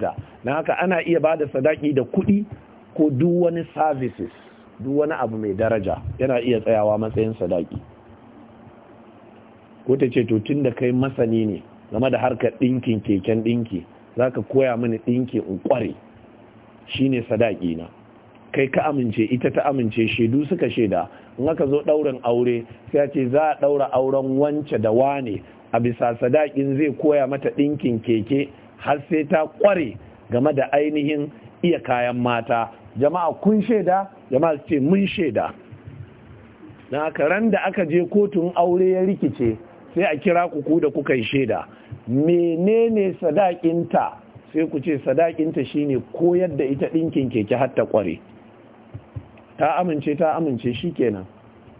da na haka ana iya ba da sadaki da kuɗi ko duk wani services duk wani abu mai daraja yana iya tsayawa matsayin sadaki ko ta ce to tun da kai masani ne game da harkar ɗinkin keken ɗinki za ka koya mini ɗinki in ƙware shi ne sadaki na kai ka amince ita ta amince shaidu suka shaida in aka zo ɗaurin aure sai ce za a ɗaura auren wance da wane a bisa sadakin zai koya mata ɗinkin keke har sai ta kware game da ainihin iya kayan mata jama'a kun shaida jama'a su ce mun shaida na karan da aka je kotun aure ya rikice sai a kira ku ku da kuka yi shaida menene sadakinta sai ku ce sadakinta shine koyar da ita ɗinkin keke har ta kware ta amince ta amince shikenan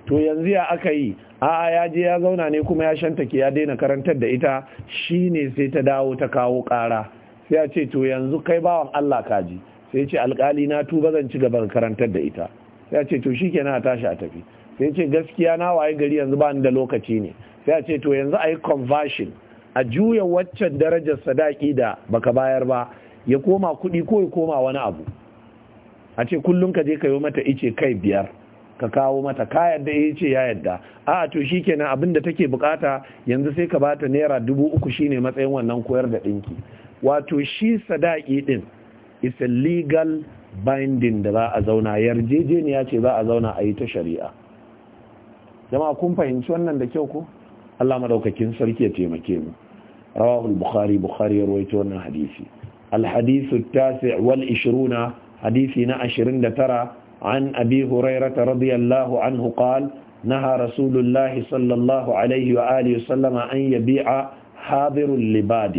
to yanzu ya aka yi a ya je ya zauna ne kuma ya shantake ya daina karantar da ita Shi ne sai ta dawo ta kawo ƙara sai ya ce to yanzu kai bawan Allah kaji sai ce alƙali na tuba zan ci gaba karantar da ita sai ya ce to shikenan a tashi a tafi sai ce gaskiya na waye gari yanzu ba ni da lokaci ne sai ya ce to yanzu a yi conversion a juya waccan darajar sadaki da baka bayar ba ya koma kuɗi ko ya koma wani abu a ce kullum ka je ka yi mata ice kai biyar ka kawo mata ka yadda ya eh, ce ya yadda a to shi kenan abin da take bukata yanzu sai ka bata naira dubu uku shine matsayin wannan koyar da ɗinki wato shi sadaki ɗin is a legal binding da za a zauna yarjejeniya ce za a zauna a yi ta shari'a jama'a kun fahimci wannan da kyau ko Allah madaukakin sarki ya taimake mu rawahul bukhari bukhari ya rawaito wannan hadisi al hadithu at-tasi' wal 20 hadisi na 29 عن أبي هريرة رضي الله عنه قال نهى رسول الله صلى الله عليه وآله وسلم أن يبيع حاضر لباد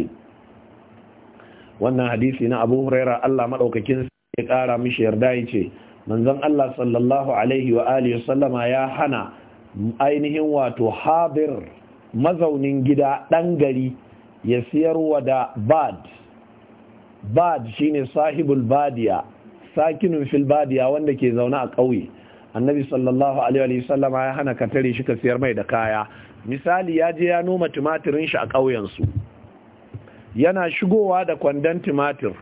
wannan hadisi na abu huraira Allah maɗaukakin ya ƙara mishi yarda yace manzon Allah sallallahu alaihi wa alihi ya hana ainihin wato habir mazaunin gida ɗan gari ya siyarwa da bad bad shine sahibul badiya sakinun filbadiya wanda ke zaune a ƙauye annabi sallallahu alaihi wasallam ya hana ka tare shi ka siyar mai da kaya misali ya je ya noma tumatirin shi a ƙauyen su yana shigowa da kwandon tumatir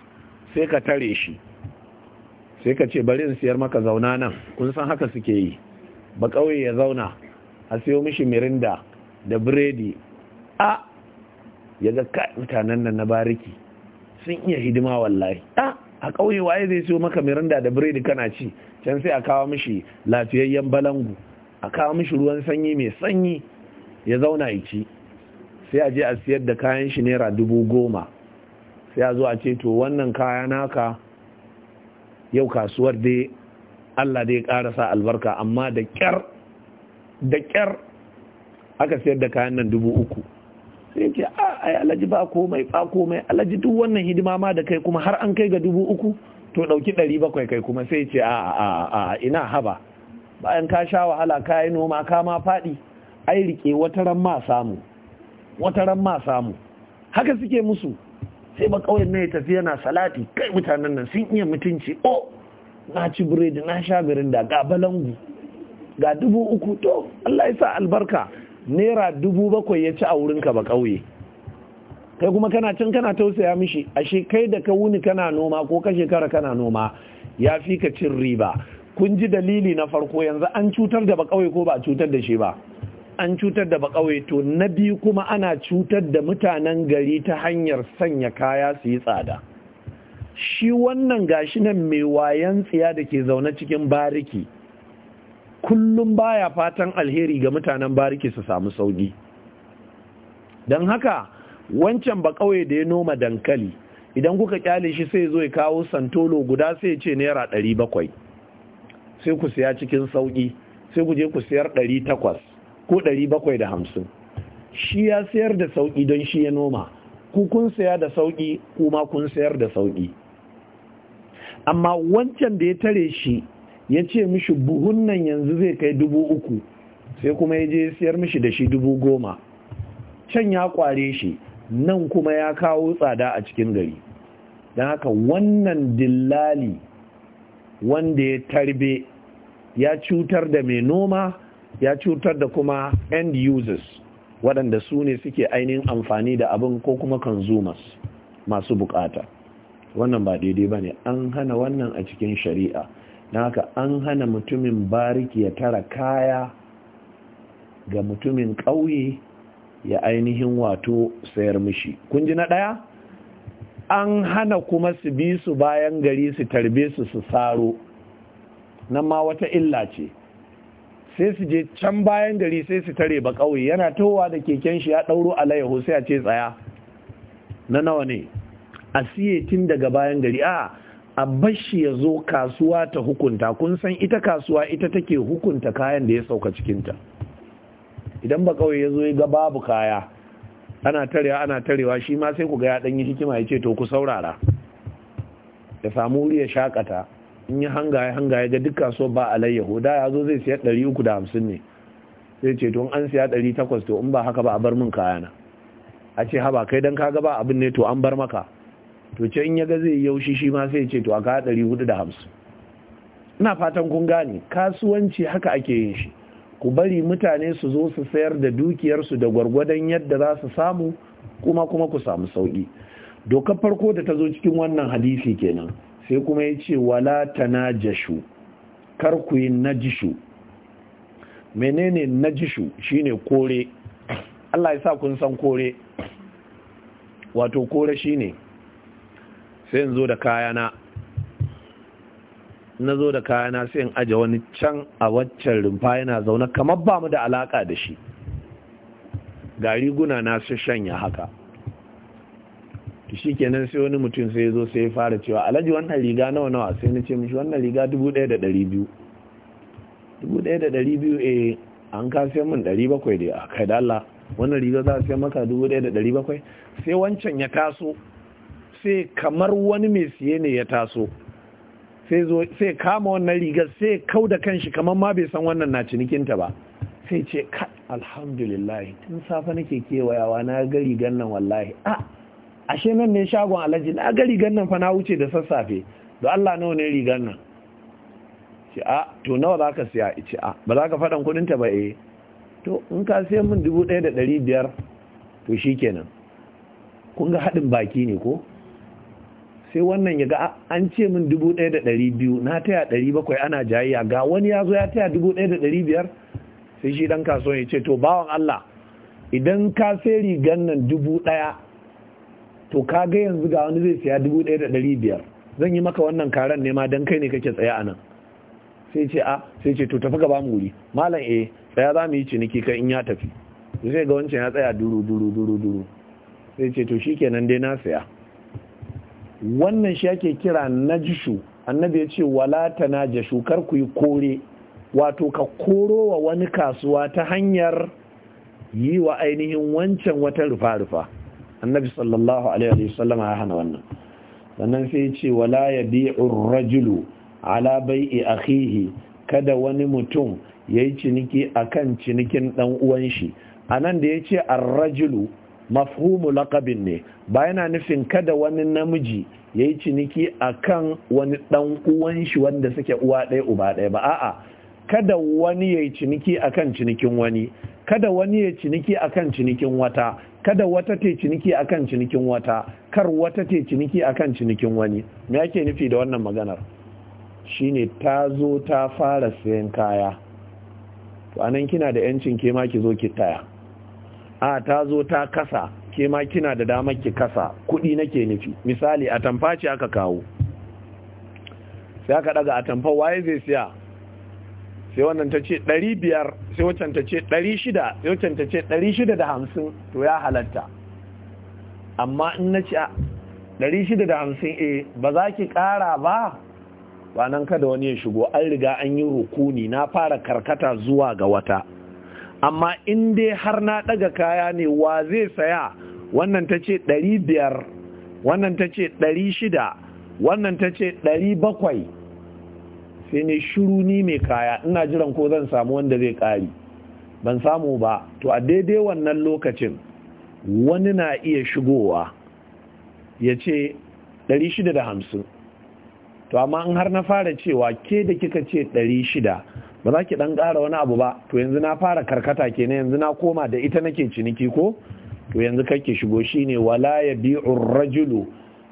sai ka tare shi sai ka ce bari in siyar maka zauna nan kun san haka suke yi ba ƙauye ya zauna a siyo mishi mirinda da biredi a ya ga mutanen nan na bariki sun iya hidima wallahi a a ƙauye waye zai siyo maka miranda da biredi kana ci can sai a kawo mishi lafiyayyen balangu a kawo mishi ruwan sanyi mai sanyi ya zauna ya ci sai a je a siyar da kayan shi naira dubu goma sai a zo a ce to wannan kaya naka yau kasuwar dai Allah dai ƙara sa albarka amma da ƙyar da ƙyar aka siyar da kayan nan dubu uku sai ce a ah, ai alhaji ba komai ba komai alaji duk wannan hidima ma da kai kuma har an kai ga dubu uku to ɗauki ɗari bakwai kai kuma sai ce a a a ina haba bayan ka sha wahala ka yi noma ka ma faɗi ai rike wata ran ma samu wata ran ma samu haka suke musu sai ba kawai na ya tafi yana salati kai mutanen nan sun iya mutunci o na ci biredi na sha birin da ga balangu ga dubu uku to Allah ya sa albarka naira dubu bakwai ya ci a wurinka ba ƙauye kai kuma kana can kana tausaya mishi ashe kai da ka wuni kana noma ko ka shekara kana noma ya fi ka cin riba kun ji dalili na farko yanzu an cutar da bakawai ko ba a cutar da shi ba an cutar da bakawai to na biyu kuma ana cutar da mutanen gari ta hanyar sanya kaya su yi tsada shi wannan gashi nan mai wayan tsiya da ke zaune cikin bariki kullum baya fatan alheri ga mutanen bariki su samu sauki don haka wancan ba kawai da ya noma dankali idan kuka kyale shi sai zo ya kawo santolo guda sai ce naira ɗari bakwai sai ku siya cikin sauki sai ku je ku siyar ɗari takwas ko ɗari bakwai da hamsin shi ya sayar da sauki don shi ya noma ku kun saya da sauki kuma kun sayar da sauki amma wancan da ya tare shi ya ce mishi buhun nan yanzu zai kai dubu uku sai kuma ya je siyar mishi da shi dubu goma can ya kware shi nan kuma ya kawo tsada a cikin gari don haka wannan dillali wanda ya tarbe ya cutar da mai noma ya cutar da kuma end users waɗanda su ne suke ainihin amfani da abin ko kuma consumers masu bukata wannan ba daidai ba ne an hana wannan a cikin shari'a don haka an hana mutumin bariki ya tara kaya ga mutumin ƙauye ya ainihin wato sayar mishi kun ji na ɗaya an hana kuma su bi su bayan gari su tarbe su su saro nan ma wata illa ce sai su je can bayan gari sai su tare ba ƙauye yana towa da keken shi ya ɗauro alayyahu sai a ce tsaya na nawa ne a siye tun daga bayan gari a a bashi ya zo kasuwa ta hukunta kun san ita kasuwa ita take hukunta kayan da ya sauka cikinta idan ba kawai ya zo ya ga babu kaya ana tarewa ana tarewa shi ma sai ku ga ya ɗanyi hikima ya ce to ku saurara ya samu wuri ya shakata in yi hanga hangaye ga duk kasuwa ba alayyahu da ya zo zai siya 350 ne sai ce to an siya 800 to in ba haka ba a bar min kayana a ce haba kai dan kaga ba abin ne to an bar maka to can ya ga zai yaushi shi ma sai ce to aka haɗari hudu da hamsin ina fatan kun gane kasuwanci haka ake yin shi ku bari mutane su zo su sayar da dukiyarsu da gwargwadon yadda za su samu kuma kuma ku samu sauki dokar farko da ta zo cikin wannan hadisi kenan sai kuma ya ce wala ta tanajashu kar ku yi najishu menene najishu ne kore Allah ya sa kun san kore wato kore shi ne. sai in zo da kayana na zo da kayana sai in aje wani can a waccan rumfa yana zaune kamar ba mu da alaka da shi ga riguna na su shanya haka shi kenan sai wani mutum sai zo sai ya fara cewa alhaji wannan riga nawa nawa sai na ce mishi wannan riga 1200 1200 eh an ka sai min 700 dai a kai da Allah wannan riga za a sai maka bakwai? sai wancan ya kaso sai kamar wani mai siye ne ya taso sai kama wannan rigar sai kau da kanshi kamar ma bai san wannan na cinikinta ba sai ce alhamdulillah tun safe nake kewayawa na ga rigar nan wallahi a ah, ashe nan ne shagon alhaji na ga rigar nan fa na wuce da sassafe da Allah nawa ne rigar nan ce a ah, to nawa za ka siya ce a ah, ba za ka faɗan kudinta ba eh to in ka siya min dubu ɗaya da ɗari biyar to shi kenan kun ga haɗin baki ne ko sai wannan ya ga an ce min dubu ɗaya da ɗari biyu na taya ɗari bakwai ana jayayya ga wani ya zo ya taya dubu ɗaya da ɗari biyar sai shi ɗan kasuwan ya ce to bawan Allah idan ka sai rigan nan dubu ɗaya to ka ga yanzu ga wani zai siya dubu ɗaya da ɗari biyar zan yi maka wannan karen ne ma don kai ne kake tsaye a nan sai ce a ah, sai ce to tafi gaba muri wuri malam eh tsaya za mu yi ciniki kai in ya tafi sai ga wancan ya tsaya duru duru duru duru sai ce to shikenan dai na saya wannan shi ake kira najishu annabi ya ce wala ta najashu kar ku yi kore wato ka koro wa wani kasuwa ta hanyar yi wa ainihin wancan wata rufa-rufa annabi sallallahu alaihi wasallam ya hana wannan sannan sai ya ce wala ya bi rajulu ala bai'i akhihi kada wani mutum ya yi ciniki akan cinikin dan uwan shi anan da yace ar-rajulu mafhumu laqabin ne ba yana nufin kada wani namiji ya yi ciniki akan wani dan uwan shi wanda suke uwa ɗaya uba ɗaya ba a'a kada wani ya yi ciniki akan cinikin wani kada wani ya ciniki akan cinikin wata kada wata ta ciniki akan cinikin wata kar wata ta ciniki akan cinikin wani me yake nufi da wannan maganar shine ta zo ta fara sayan kaya to anan kina da yancin ke ma ki zo ki taya a ta zo ta kasa ke ma kina da damar ki kasa kuɗi nake nufi misali a tamfa ce aka kawo sai aka daga a tamfa waye zai siya sai wannan ta ce 500 biyar sai wancan ta ce 600 shida sai wancan ta ce 650 shida da hamsin to ya halatta amma in na ce ɗari shida da hamsin e ba za ki ƙara ba ba nan kada wani ya shigo an riga an yi rukuni na fara karkata zuwa ga wata amma in dai har na ɗaga kaya ne wa zai saya wannan ta ce ɗari biyar wannan ta ce ɗari shida wannan ta ce ɗari bakwai sai ne shuru ni mai kaya ina jiran ko zan samu wanda zai ƙari ban samu ba to a daidai wannan lokacin wani na iya shigowa ya ce ɗari shida da hamsin to amma in har na fara cewa ke da kika ce ɗari shida ba za ki dan ƙara wani abu ba to yanzu na fara karkata kenan yanzu na koma da ita nake ciniki ko to yanzu kake shigo shine wala ya bi'u rajulu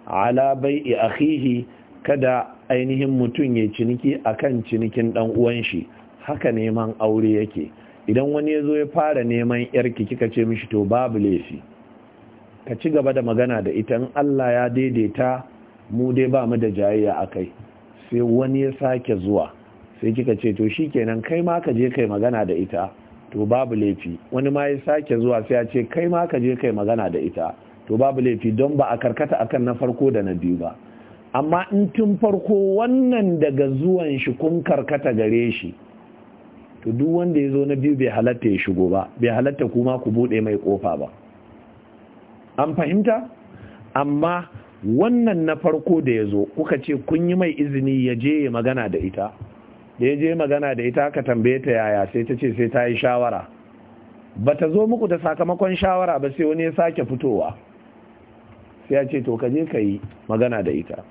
ala bai'i akhihi kada ainihin mutum ya ciniki akan cinikin dan uwan shi haka neman aure yake idan wani ya zo ya fara neman yarki kika ce mishi to babu laifi ka ci gaba da magana da ita in Allah ya daidaita mu dai ba mu da jayayya akai sai wani ya sake zuwa sai kika ce to shi kenan kai ma ka je kai magana da ita to babu laifi wani ma ya sake zuwa sai ya ce kai ma ka je kai magana da ita to babu laifi don ba a karkata akan na farko da na biyu ba amma in tun farko wannan daga zuwan shi kun karkata gare shi to duk wanda ya zo na biyu bai halatta ya shigo ba bai halatta kuma ku bude mai kofa ba an fahimta amma wannan na farko da ya zo kuka ce kun yi mai izini ya je ya magana da ita da ya je magana da ita aka tambaye ta yaya sai ta ce sai ta yi shawara ba ta zo muku da sakamakon shawara ba sai wani ya sake fitowa sai ya ce to ka je ka yi magana da ita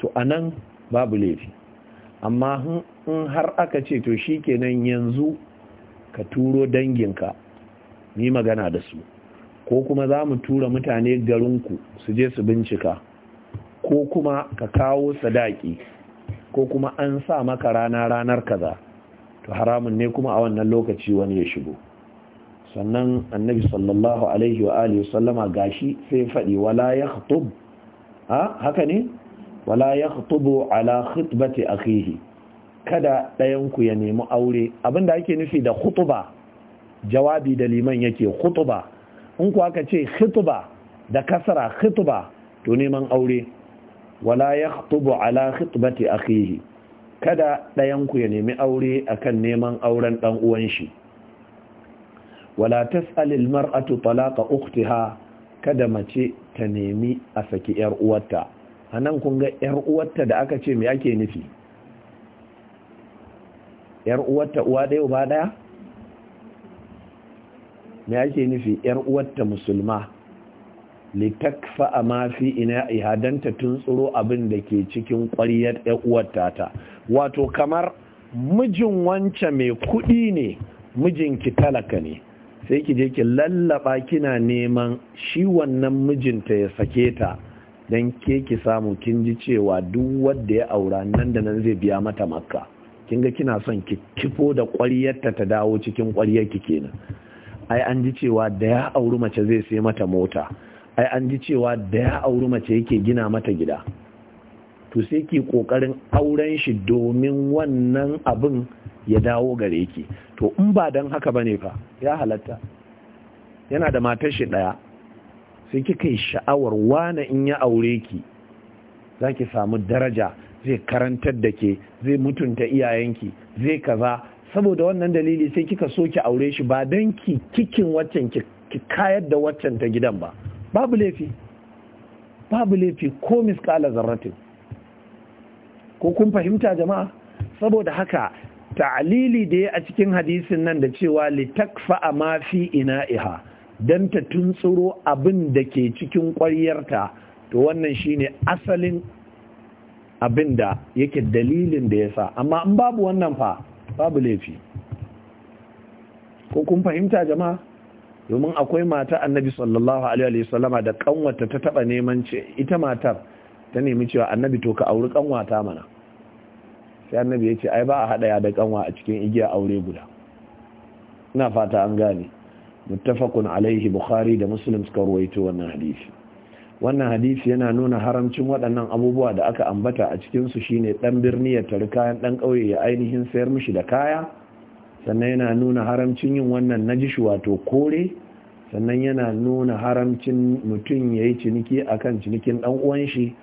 to a nan babu laifi amma in har aka ce to shi kenan yanzu ka turo danginka ni magana da su ko kuma za mu tura mutane garinku su je su bincika ko kuma ka kawo sadaki ko kuma an sa maka rana ranar kaza to haramun ne kuma a wannan lokaci wani ya shigo sannan annabi sallallahu alaihi wa alihi sallama gashi sai faɗi wala yakhtub ha haka ne wala yakhtubu ala khutbati akhihi kada ɗayan ku ya nemi aure abinda ake nufi da khutba jawabi da liman yake khutba in ku aka ce khitba da kasara khitba to neman aure wala yakhtubu ala khitbati akhihi kada ɗayanku ya nemi aure akan neman auren dan uwan shi wala tas'alil mar'atu talaqa ukhtiha kada mace ta nemi a saki yar uwarta anan kun ga yar uwarta da aka ce me ake nufi yar uwarta uwa ɗaya uba ɗaya me ake nufi yar uwarta musulma litakfa a mafi ina ihadanta tun tsoro abin da ke cikin ƙwariyar uwar tata wato kamar mijin wance mai kuɗi ne mijinki talaka ne sai ki je ki lallaba kina neman shi wannan mijinta ya sake ta don ke ki samu kin ji cewa duk wanda ya aura nan da nan zai biya mata makka kin ga kina son ki kifo da ƙwariyarta ta dawo cikin ƙwariyarki kenan ai an ji cewa da ya auri mace zai sai mata mota ai an ji cewa da ya auri mace yake gina mata gida to sai ke kokarin auren shi domin wannan abin ya dawo gare ki to in ba don haka bane fa ya halatta yana da matar shi ɗaya, sai kika yi sha'awar wane in ya aure ki za ki samu daraja zai karantar da ke zai mutunta iyayenki zai kaza saboda wannan dalili sai kika so ki aure shi ba don ki kikin waccan ki kayar da waccan ta gidan ba babu laifi babu laifi ko miskala zarratin ko kun fahimta jama'a saboda haka ta'alili da ya a cikin hadisin nan da cewa litakfa a mafi ina'iha dan ta tuntsuro abin da ke cikin ƙwaryarta to wannan shine asalin abin da yake dalilin da yasa amma in babu wannan fa babu laifi ko kun fahimta jama'a domin akwai mata annabi sallallahu alaihi sallama da kanwata ta taba neman ce ita matar ta nemi cewa annabi to ka auri kanwata mana sai annabi ya ce ai ba a hadaya da kanwa a cikin igiya aure guda ina fata an gane muttafaqun alaihi bukhari da muslim suka ruwaito wannan hadisi wannan hadisi yana nuna haramcin waɗannan abubuwa da aka ambata a cikin su shine dan birni ya tari kayan dan kauye ya ainihin sayar mishi da kaya sannan yana nuna haramcin yin wannan na najish wato kore sannan yana nuna haramcin mutum ya yi ciniki a kan cinikin ɗan shi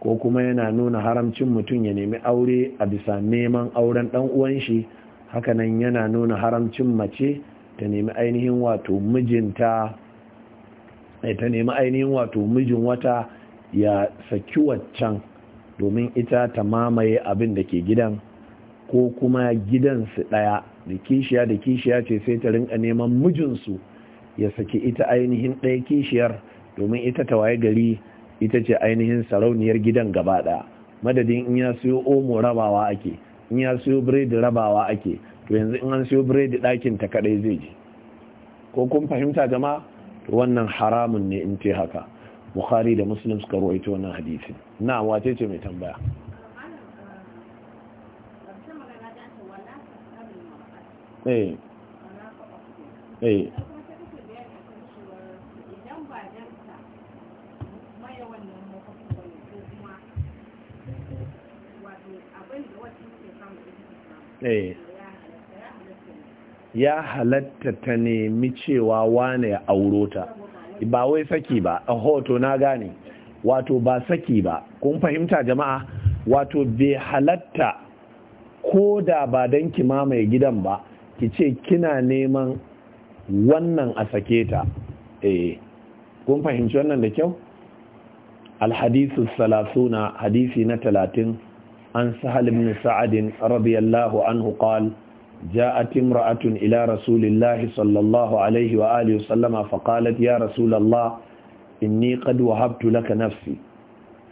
ko kuma yana nuna haramcin mutum ya nemi aure a bisa neman auren ɗan shi hakanan yana nuna haramcin mace ta nemi ainihin wato mijinta eh, ta nemi ainihin wato mijin wata ya saki waccan domin ita ta mamaye abin da ke gidan ko kuma gidansu ɗaya da kishiya da kishiya ce sai ta rinka neman mijinsu ya saki ita ainihin ɗaya kishiyar domin ita ta waye gari ita ce ainihin sarauniyar gidan gaba ɗaya madadin in ya siyo omo rabawa ake in ya siyo biredi rabawa ake to yanzu in an siyo biredi ɗakin ta kaɗai zai ji, ko kun fahimta gama? to wannan haramun ne in ce haka bukhari da muslim suka ruwaito wannan hadisin na wace ce mai tambaya Eh. Eh. Eh. ya halatta ta nemi cewa wane ya auro ta ba wai saki ba a hoto na gane wato ba saki ba kun fahimta jama'a wato bai halatta ko da ba don ki mamaye gidan ba ki ce kina neman wannan a sake ta eh, kun fahimci wannan da kyau alhadisu salasuna hadisi na talatin an sahal ibn sa'adin radiyallahu anhu qal جاءت امرأة إلى رسول الله صلى الله عليه وآله وسلم فقالت يا رسول الله إني قد وهبت لك نفسي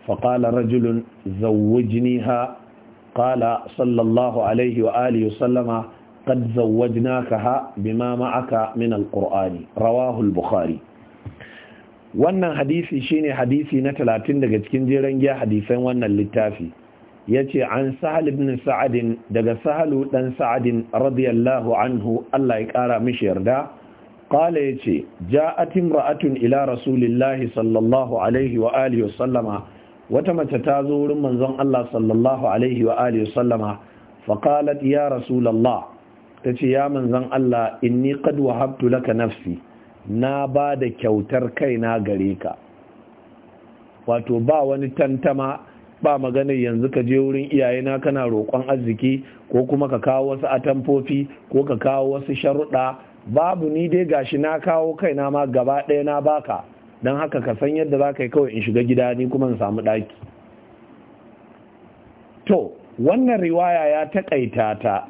فقال رجل زوجنيها قال صلى الله عليه وآله وسلم قد زوجناكها بما معك من القرآن رواه البخاري wannan hadisi shine hadisi na 30 daga cikin jeren giya hadisan wannan littafi yace an sahal ibn sa'ad daga sahalu dan sa'ad radiyallahu anhu Allah ya kara mishi yarda qala yace ja'at imra'atun ila rasulillahi sallallahu alaihi wa alihi sallama wata mace ta zo wurin manzon Allah sallallahu alaihi wa alihi fa qalat ya rasulallah ta ce ya manzan Allah inni qad wahabtu laka nafsi na ba da kyautar kaina gare ka wato ba wani tantama ba maganar yanzu ka je wurin iyayena kana roƙon arziki ko kuma ka kawo wasu atamfofi ko ka kawo wasu sharuɗa babu ni dai gashi na kawo kaina ma gaba ɗaya na baka don haka ka san yadda za ka yi kawai in shiga gida ni kuma in samu ɗaki to wannan riwaya ya taƙaita ta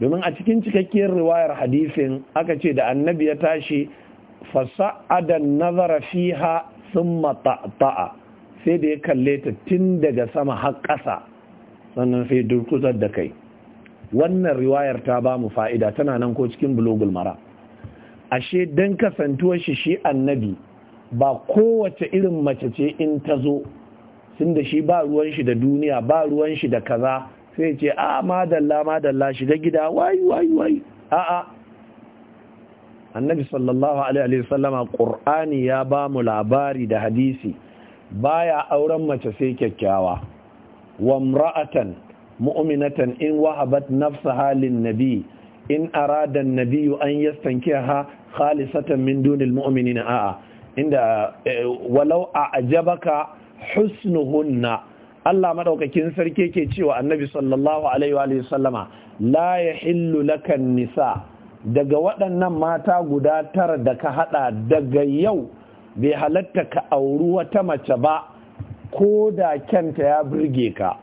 domin a cikin cikakkiyar riwayar hadisin aka ce da annabi ya tashi fasa'adan nazara fiha sun ta'ta'a sai da ya kalle ta tun daga sama har ƙasa sannan sai durkusar da kai wannan riwayar ta ba mu fa'ida tana nan ko cikin bulogul mara ashe don kasantuwar shi shi annabi ba kowace irin mace ce in ta zo tun da shi ba ruwan shi da duniya ba ruwan shi da kaza sai ce a ah, madalla madalla shiga gida wayu wayu wayu a'a annabi sallallahu alaihi sallam qur'ani ya ba mu labari da hadisi baya auren mace sai kyakkyawa wa imra'atan mu'minatan in wahabat nafsaha lin nabi in arada an-nabi an yastankiha khalisatan min dunil mu'minina a'a inda eh, walau a'jabaka husnuhunna Allah madaukakin sarki yake cewa annabi sallallahu alaihi wa sallama la yahillu lakan nisa daga waɗannan mata guda tara da ka hada daga yau bai halatta ka auri wata mace ba ko da kyanta ya burge ka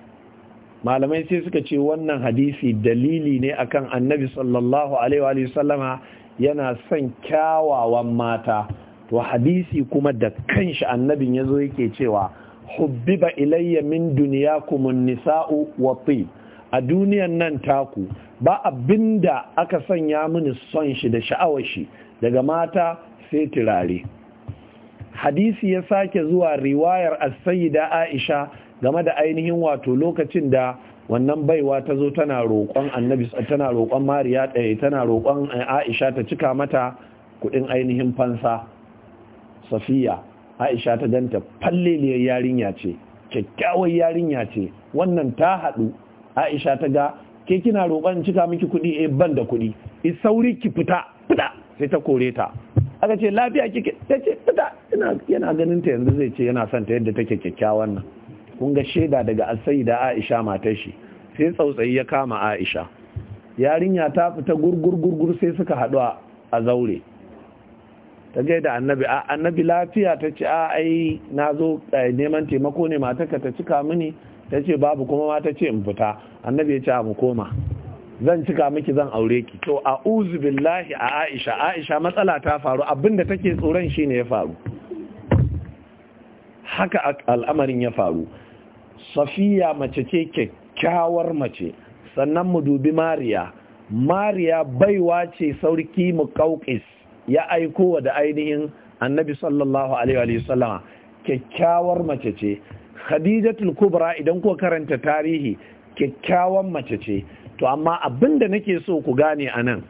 malamai sai suka ce wannan hadisi dalili ne akan annabi sallallahu alaihi wa sallama yana son kyawawan mata to hadisi kuma da kanshi annabin yazo yake cewa hubbiba ilayya min duniyakumun nisa'u wa tib a duniyan nan taku ba abinda aka sanya mini son shi da sha'awar shi daga mata sai turare hadisi ya sake zuwa riwayar as-sayyida Aisha game da ainihin wato lokacin da wannan baiwa ta zo tana roƙon annabi tana roƙon mariya ɗaya tana roƙon aisha ta cika mata kuɗin ainihin fansa safiya aisha ta ganta falleliyar yarinya ce kyakkyawar yarinya ce wannan ta haɗu aisha ta ga ke kina roƙon cika miki kuɗi eh ban da kuɗi i sauri ki fita fita sai ta kore ta aka ce lafiya kike ta ce fita yana ganin ta yanzu zai ce yana son ta yadda take kyakkyawan nan kun ga shaida daga asai da aisha matar shi sai tsautsayi ya kama aisha yarinya ta fita gurgur gurgur sai suka haɗu a zaure ta gaida annabi a annabi lafiya ta ce a ai na zo eh, neman taimako ne matarka ta cika mini ta ce babu kuma ma ta ce in fita annabi ya ce a mu koma zan cika miki zan aure ki to a uzu billahi a aisha aisha matsala ta faru abinda take tsoron shi ne ya faru haka al'amarin ya faru safiya mace ce kyakkyawar mace sannan mu dubi mariya mariya baiwa ce sauki mu kaukis ya aiko wa da ainihin annabi sallallahu alaihi wa sallama kyakkyawar mace ce khadijatul kubra idan ku karanta tarihi kyakkyawan mace ce to amma abin da nake so ku gane anan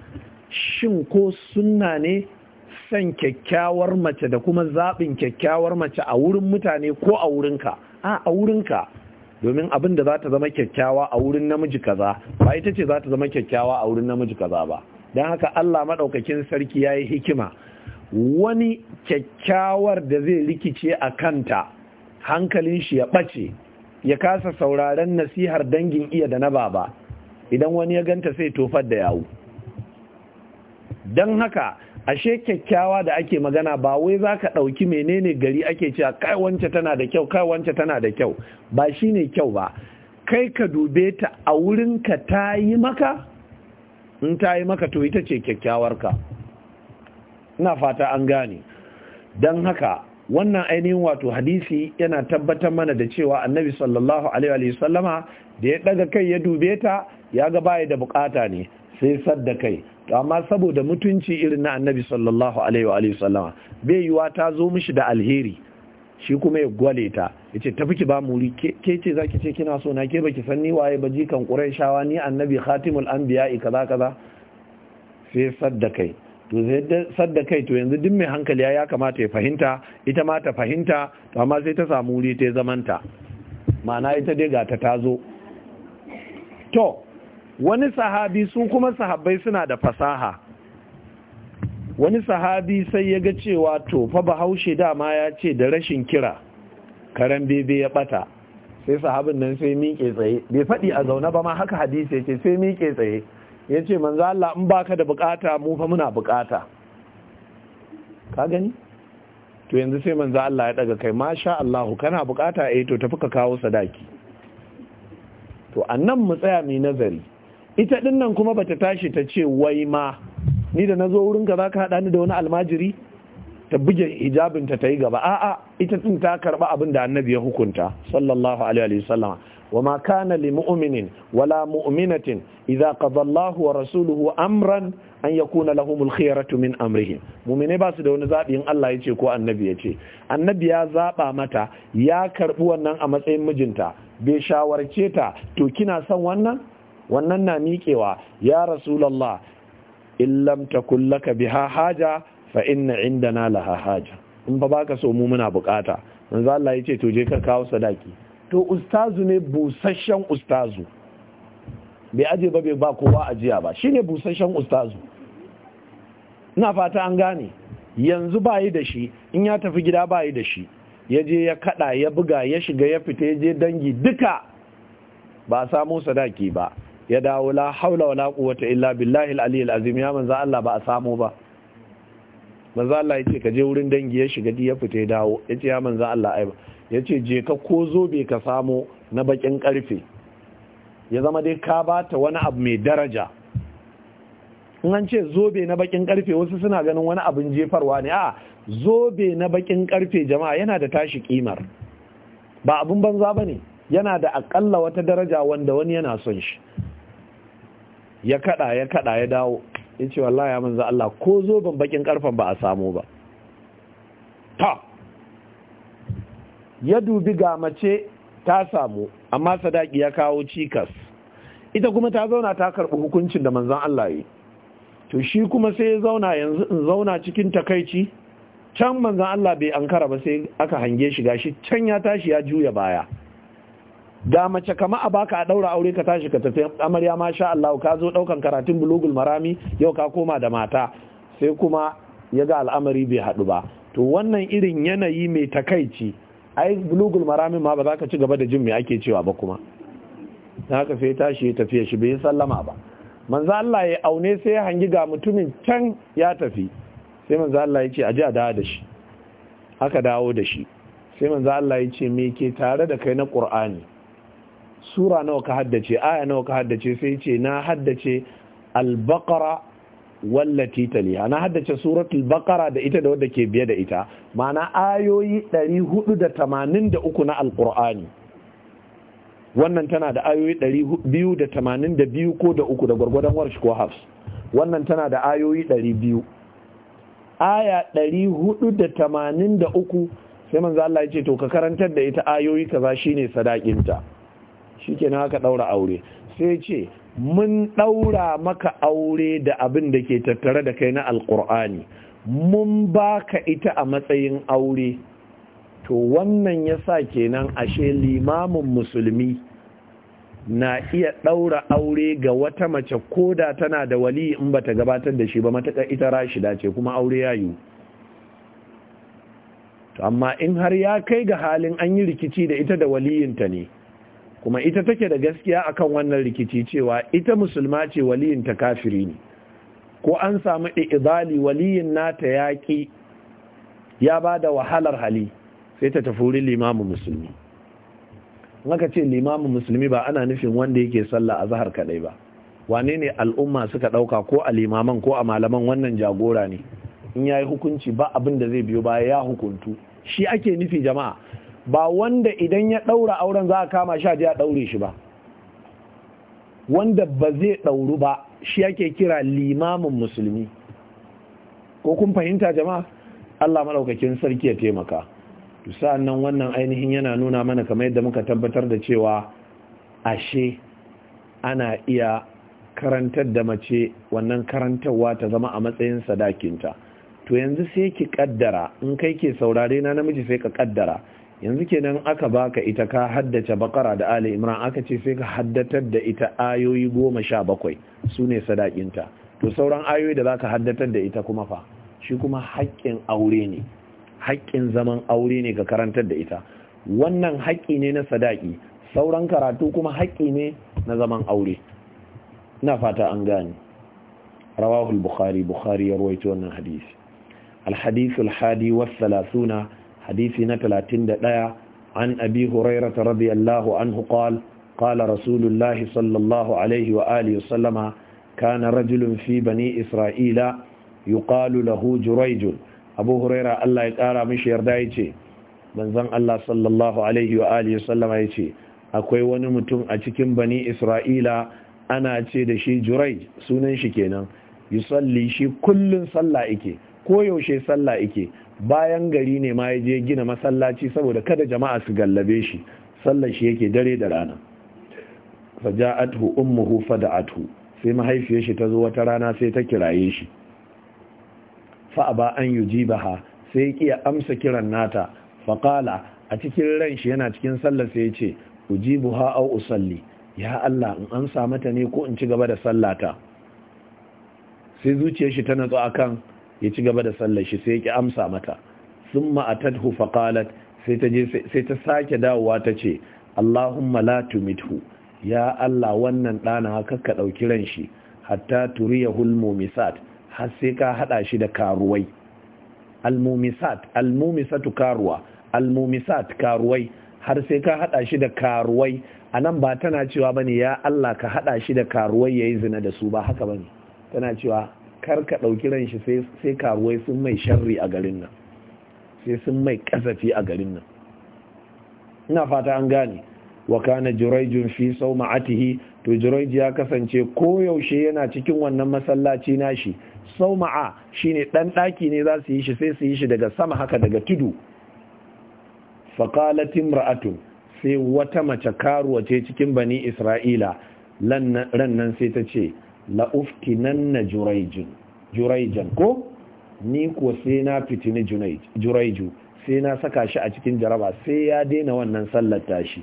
shin ko sunna ne san kyakkyawar mace da kuma zaɓin kyakkyawar mace a wurin mutane ko a wurinka a a wurinka domin abin da za ta zama kyakkyawa a wurin namiji kaza ba ita ce za ta zama kyakkyawa a wurin namiji kaza ba don haka Allah maɗaukakin sarki ya yi hikima wani kyakkyawar da zai rikice a kanta hankalin shi ya ɓace ya kasa sauraren nasihar dangin iya da na baba idan wani ya ganta sai tofar da yawu don haka ashe kyakkyawa da ake magana ba wai za ka ɗauki menene gari ake cewa kai wance tana da kyau kai wance tana da kyau ba shi ne kyau ba kai ka dube ta a wurinka ta yi maka in ta yi maka to ita ce kyakkyawarka ina fata an gane don haka wannan ainihin wato hadisi yana tabbatar mana da cewa annabi sallallahu alaihi sallama da ya daga kai ya dube ta ya ga baya da bukata ne sai sadda kai amma saboda mutunci irin na annabi sallallahu alaihi sallama bai yiwa ta zo mishi da alheri shi kuma ya gwale ta ya ce tafi ki ba muri ke ce za ki ce kina so na ke baki san ni waye ba jikan shawa ni annabi khatimul i kaza kaza sai sadda kai to zai sadda kai to yanzu duk mai hankali ya kamata ya fahimta ita ma ta fahimta to amma sai ta samu wuri ta zamanta ma'ana ita dai ga ta tazo to wani sahabi su kuma sahabbai suna da fasaha wani sahabi sai ya ga cewa to fa bahaushe dama ya ce da rashin kira karen bebe ya bata sai sahabin nan sai miƙe tsaye bai faɗi a zaune ba ma haka hadisi ce sai miƙe tsaye ya ce manzo Allah in baka da bukata mu fa muna bukata ka gani to yanzu sai manzo Allah ya daga kai masha Allah kana bukata eh to tafi ka kawo sadaki to annan mu tsaya mai nazari ita din kuma bata tashi ta ce wai ma ni da na zo wurinka za ka haɗa ni da wani almajiri ta buge hijabinta ta yi gaba a'a ita din ta karba abin da annabi ya hukunta sallallahu alaihi wasallam wa kana li mu'minin wala mu'minatin idza qada Allahu wa rasuluhu amran an yakuna lahumul khiyaratu min amrihim mu'mine ba su da wani zabi in Allah ya ce ko annabi ya ce annabi ya zaba mata ya karbi wannan a matsayin mijinta bai shawarce ta to kina son wannan wannan na miƙewa ya rasulallah in lam takun laka biha haja fa inna indana laha haja in ba baka so mu muna bukata manzo Allah yace to je ka kawo sadaki to ustazu ne busasshen ustazu bai aje ba bai ba kowa ajiya ba shine busasshen ustazu ina fata an gane yanzu bayi da shi in ya tafi gida bayi da shi ya je ya kada ya buga ya shiga ya fita ya je dangi duka ba samu sadaki ba ya dawo la haula wala quwwata illa billahi al-aliyyil azim ya manzo Allah ba a samu ba manzo Allah yace ka je wurin dangi ya shiga ya fita ya dawo yace ya manzo Allah ai ba yace je ka ko zobe ka samu na bakin karfe ya zama dai ka bata wani abu mai daraja in an ce zobe na bakin karfe wasu suna ganin wani abin jefarwa ne a zobe na bakin karfe jama'a yana da tashi kimar ba abun banza ba ne. yana da akalla wata daraja wanda wani yana son shi ya kada ya kada ya dawo ya ce wallahi ya manzo Allah ko zo ban bakin karfan ba a samu ba ta ya dubi ga mace ta samu amma sadaki ya kawo cikas ita kuma ta zauna ta karɓi hukuncin da manzon Allah yi to shi kuma sai ya zauna yanzu in zauna cikin takaici can manzon Allah bai ankara ba sai aka hange shi gashi can ya tashi ya juya baya da mace kama a baka a daura aure ka tashi ka tafi amarya ma sha Allah ka zo daukan karatun bulugul marami yau ka koma da mata sai kuma ya ga al'amari bai haɗu ba to wannan irin yanayi mai takaici ai bulugul marami ma ba za ka ci gaba da jin me ake cewa ba kuma na haka sai tashi ya tafiya shi bai sallama ba manzo Allah ya aune sai hangi ga mutumin can ya tafi sai manzo Allah ya ce aje a dawo da shi aka dawo da shi sai manzo Allah ya ce me ke tare da kai na Qur'ani sura nawa ka haddace aya nawa ka haddace sai ce na haddace al-baqara wallati taliya na haddace suratul baqara da ita da wadda ke biye da ita ma'ana ayoyi 483 na alqur'ani wannan tana da ayoyi 282 ko da uku da gurgurdan warshi ko hafs wannan tana da ayoyi 200 aya 483 sai manzo Allah ya ce to ka karantar da ita ayoyi kaza shine sadakinta shi na haka ɗaura aure sai ce mun ɗaura maka aure da abin da ke tattare da kai na alƙur'ani mun baka ita a matsayin aure to wannan ya sa ke nan ashe limamin musulmi na iya ɗaura aure ga wata mace ko da tana da wali in ba ta gabatar da shi ba matuƙa ita rashida ce kuma aure ya yiwu amma in har ya kai ga halin an yi rikici da ita da waliyinta ne kuma ita take da gaskiya akan wannan rikici cewa ita musulma ce waliyin ta kafiri ne ko an samu izali waliyin nata yaki ya ba da wahalar hali sai ta tafi wurin limamin musulmi maka ce limamin musulmi ba ana nufin wanda yake sallah a zahar kaɗai ba wane ne al'umma suka ɗauka ko a limaman ko a malaman wannan jagora ne in ya yi hukunci ba abin da zai biyo baya ya hukuntu shi ake nufi jama'a ba wanda idan ya ɗaura auren za a kama shi a ɗaure shi ba wanda ba zai ɗauru ba shi yake kira limamin musulmi ko kun fahimta jama'a Allah maɗaukakin sarki ya taimaka sa'an nan wannan ainihin yana nuna mana kamar yadda muka tabbatar da cewa ashe ana iya karantar da mace wannan karantarwa ta zama a matsayin sadakinta to yanzu sai ki kaddara in kai ke saurare na namiji sai ka kaddara yanzu kenan aka baka ita ka haddace bakara da ali imran aka ce sai ka haddatar da ita ayoyi goma sha bakwai su ne sadakinta to sauran ayoyi da za ka haddatar da ita kuma fa shi kuma haƙƙin aure ne haƙƙin zaman aure ne ka karantar da ita wannan haƙƙi ne na sadaki sauran karatu kuma haƙƙi ne na zaman aure ina fata an gane Rawahul bukhari bukhari ya rawaito wannan hadisi al-hadith al-hadi hadisi na talatin da ɗaya an abi hurairata radiyallahu anhu qala qala rasulullahi sallallahu alaihi wa alihi wasallama kana rajulun fi bani isra'ila yuqalu lahu jurayjun abu huraira Allah ya kara mishi yarda yace manzon Allah sallallahu alaihi wa alihi wasallama yace akwai wani mutum a cikin bani isra'ila ana ce da shi jurayj sunan shi kenan yusalli shi kullum sallah yake ko yaushe sallah yake bayan gari ne ma ya je gina masallaci saboda kada jama'a su gallabe shi sallar shi yake dare da rana faja'athu ummuhu fada'athu sai mahaifiyar shi ta zo wata rana sai ta kiraye shi fa aba an yujibaha sai ki amsa kiran nata faqala a cikin ran shi yana cikin sallar sai yace ujibuha aw usalli ya Allah in amsa mata ne ko in ci gaba da sallata sai zuciyar shi ta natsu akan ya ci gaba da sallar shi sai ya ki amsa mata summa atadhu faqalat sai ta sake dawowa ta ce Allahumma la tumithu ya Allah wannan ɗana haka ka ɗauki ran shi hatta turiyahul mumisat har sai ka haɗa shi da karuwai almumisat almumisatu karuwa almumisat karuwai har sai ka haɗa shi da karuwai a nan ba tana cewa bane ya Allah ka haɗa shi da karuwai yayi zina da su ba haka bane tana cewa kar ka ɗauki ran shi sai karuwai sun mai sharri a garin nan sai sun mai kasafi a garin nan ina fata an gane wa kana juraijun fi ma'atihi to juraij ya kasance koyaushe yana cikin wannan masallaci nashi shi ne ɗan ɗaki ne za su yi shi sai su yi shi daga sama haka daga tudu faƙalatin ra'atu sai wata mace karuwa ce cikin bani isra'ila rannan sai ta ce la'uftinan na juraijin ko ni kuwa sai na fitini juraiju sai na saka shi a cikin jaraba sai ya daina wannan sallar tashi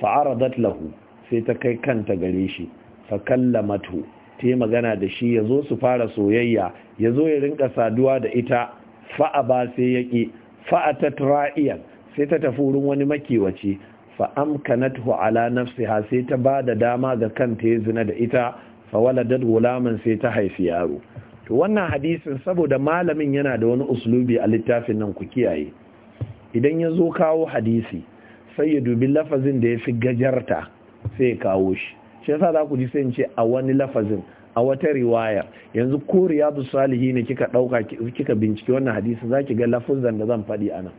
fa'aradat lahu sai ta kai kanta gare shi fa kallamatu ta magana da shi ya zo su fara soyayya ya zo ya rinka saduwa da ita fa'a ba sai ya ƙi fa'a ta ra'iyan sai ta tafi wurin wani makiwaci fa'amkanatu ala nafsiha sai ta ba da dama ga kanta ya zina da ita fa waladat gulaman sai ta haifi yaro to wannan hadisin saboda malamin yana da wani uslubi a littafin nan ku kiyaye idan ya zo kawo hadisi sai ya dubi lafazin da ya fi gajarta sai ya kawo shi shi yasa za ku ji sai ce a wani lafazin a wata riwaya yanzu ko riyadu salihi ne kika dauka kika binciki wannan hadisi zaki ga lafazin da zan faɗi anan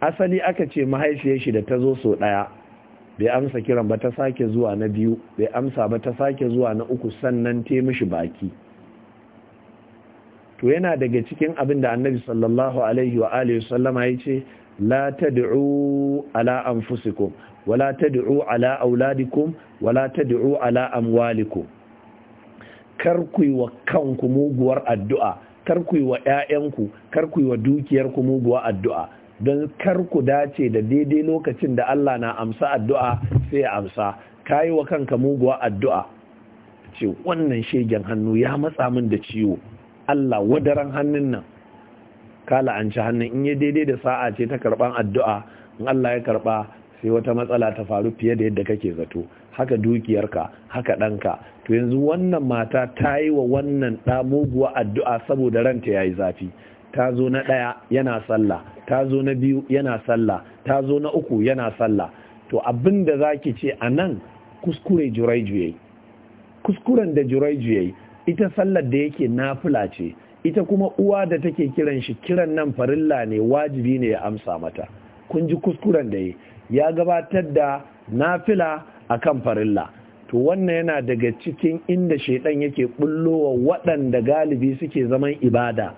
asali aka ce mahaifiyar shi da ta zo so daya bai amsa kiran ba ta sake zuwa na biyu bai amsa ba ta sake zuwa na uku sannan te mishi baki to yana daga cikin abin da annabi sallallahu alaihi wa alihi sallama ya ce la tad'u ala anfusikum wala tad'u ala auladikum wala tad'u ala amwalikum kar ku yi wa kanku muguwar addu'a kar ku yi wa 'ya'yanku kar ku yi wa dukiyarku muguwar addu'a don kar ku dace da daidai lokacin da Allah na amsa addu'a sai ya amsa yi wa kanka muguwa addu'a ce wannan shegen hannu ya matsa min da ciwo Allah wadaran hannun nan ka la'anci hannun in ya daidai da sa'a ce ta karban addu'a in Allah ya karɓa. sai wata matsala ta faru fiye da yadda kake zato haka dukiyarka haka ɗanka to yanzu wannan mata ta yi wa wannan ɗa muguwa addu'a saboda ranta ya yi zafi ta zo na ɗaya yana sallah ta zo na biyu yana sallah ta zo na uku yana sallah to abin da za ki ce a nan kuskure juraiju kuskuren da juraiju ita sallar da yake nafila ce ita kuma uwa da take kiran shi kiran nan farilla ne wajibi ne ya amsa mata kun ji kuskuren da yi ya gabatar da nafila kan farilla to wannan yana daga cikin inda shaidan yake bullowa waɗanda galibi suke zaman ibada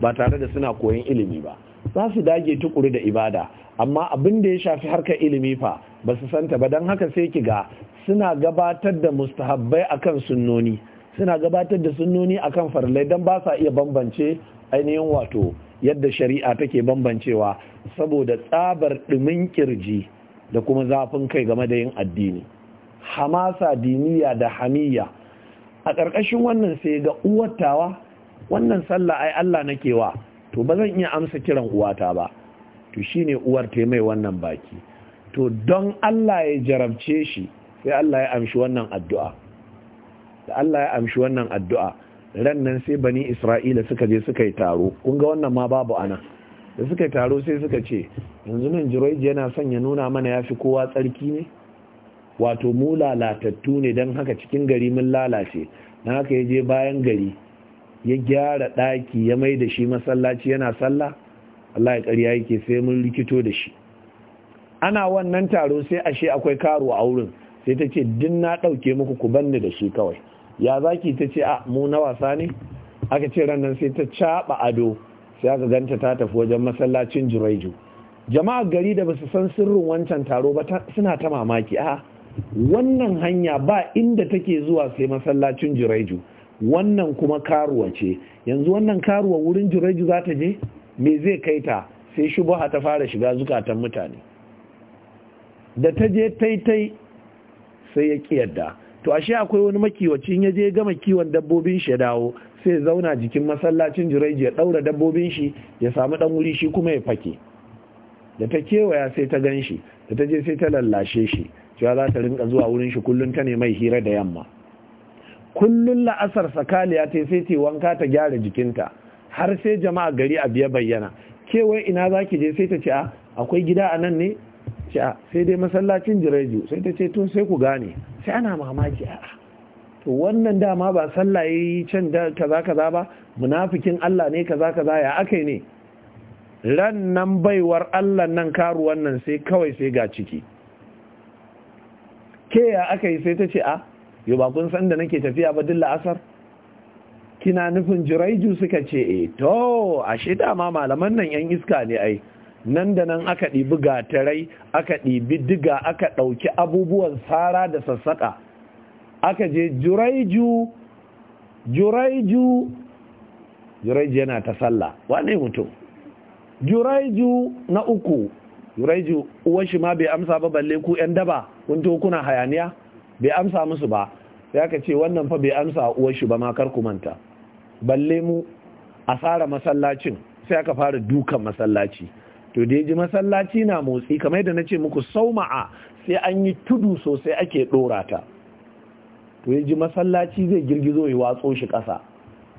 ba tare da suna koyon ilimi ba za su dage tukuri da ibada amma abin da ya shafi harkar ilimi fa ba su santa ba don haka sai ki ga suna gabatar da mustahabbai akan sunnoni suna gabatar da sunnoni akan farlai don ba sa iya bambance ainihin wato yadda shari'a take bambancewa saboda tsabar ɗumin kirji da kuma zafin kai game da yin addini hamasa diniya da hamiya a ƙarƙashin wannan sai ga uwattawa wannan sallah ai Allah nake wa to ba zan iya amsa kiran uwata ba to shine uwar ta mai wannan baki to don Allah ya jarabce shi sai Allah ya amshi wannan addu'a da Allah ya amshi wannan addu'a ran nan sai bani Isra'ila suka je suka yi taro kun ga wannan ma babu ana da suka yi taro sai suka ce yanzu nan jiroji yana son ya nuna mana ya fi kowa tsarki ne wato mu lalatattu ne don haka cikin gari mun lalace na haka ya je bayan gari ya gyara ɗaki ya mai da shi masallaci yana sallah Allah ya ƙarya yake sai mun rikito da shi ana wannan taro sai ashe akwai karo a wurin sai ta ce din na ɗauke muku ku banni da shi kawai ya zaki ta ce a mu na wasa ne aka ce ran sai ta caɓa ado sai aka ganta ta tafi wajen masallacin jiraiju jama'a gari da basu san sirrin wancan taro ba suna ta mamaki a wannan hanya ba inda take zuwa sai masallacin jiraiju wannan kuma karuwa ce yanzu wannan karuwa wurin jiraiju za ta je me zai kai ta sai Shubaha ta fara shiga zukatan mutane da ta je taitai sai ya kiyarda to ashe akwai wani makiwacin ya je gama kiwon dabbobin shi ya dawo sai zauna jikin masallacin jiraiju ya daura dabbobin shi ya samu dan wuri shi kuma ya fake da ta kewaya sai ta gan shi da ta je sai ta lallashe shi cewa za ta rinka zuwa wurin shi kullum ta ne mai hira da yamma kullun la'asar sakaliya ta sai ta wanka ta gyara jikinta har sai jama'a gari a biya bayyana ke ina za ki je sai ta ce ah, akwai gida a nan ne ce a ah, sai dai masallacin jireju sai ta ce tun sai ku gane sai ana mamaki a to wannan dama ba sallah yi can da kaza kaza ba munafikin Allah ne kaza kaza ya aka ne ran nan baiwar Allah nan karuwan nan sai kawai sai ga ciki ke ya aka yi sai ta ce a ah, yau ba kun san da nake tafiya ba duk la'asar kina nufin jiraiju suka ce e to ashe dama malaman nan yan iska ne ai nan da nan aka ɗibi gatarai aka ɗibi diga aka ɗauki abubuwan sara da sassaƙa aka je Jiraiju, Jiraiju, Jiraiju yana ta sallah wane mutum Jiraiju na uku Jiraiju uwashi ma bai amsa ba balle ku yan daba kun to kuna hayaniya bai amsa musu ba sai aka ce wannan fa bai amsa uwar shi ba ma kar ku manta balle mu a tsara masallacin sai aka fara dukan masallaci to da ji masallaci na motsi kamar yadda na ce muku sauma'a sai an yi tudu sosai ake dora ta to ya ji masallaci zai girgizo ya watso shi ƙasa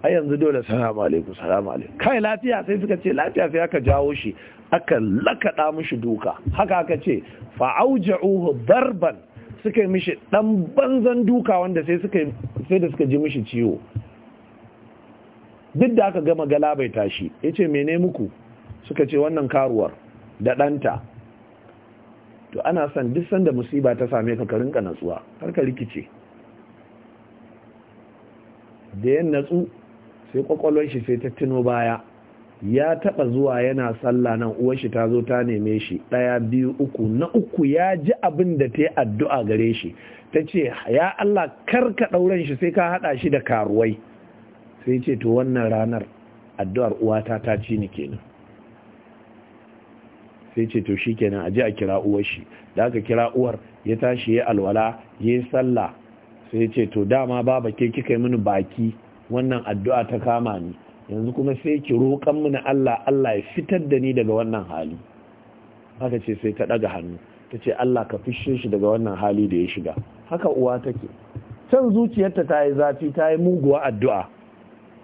a yanzu dole salamu alaikum salamu alaikum kai lafiya sai suka ce lafiya sai aka jawo shi aka lakaɗa mushi duka haka aka ce fa'auja'uhu darban suka yi mishi ɗan banzan duka wanda sai da suka ji mishi ciwo duk da aka gama gala bai tashi ya ce mene muku suka ce wannan karuwar da ɗanta to ana san duk sanda musiba ta same ka karinka natsuwa har ka rikice da yan natsu sai kwakwalwar shi sai ta tuno baya ya taba zuwa yana sallah nan uwa shi ta zo ta neme shi Ɗaya biyu uku na uku ya ji abin da ta yi addu'a gare shi ta ce ya Allah kar ka ɗauren shi sai ka haɗa shi da karuwai sai ce to wannan ranar addu'ar uwata ta ci ni kenan sai ce to shi kenan a ji a kira uwar shi da aka kira uwar ya tashi ya alwala ya yi sallah sai ce to dama baba ke kika yi mini baki wannan addu'a ta kama ni yanzu kuma sai ki roƙan na Allah Allah ya fitar da ni daga wannan hali haka ce sai ta ɗaga hannu ta ce Allah ka fishe shi daga wannan hali da ya shiga haka uwa take can zuciyarta ta yi zafi ta yi muguwa addu'a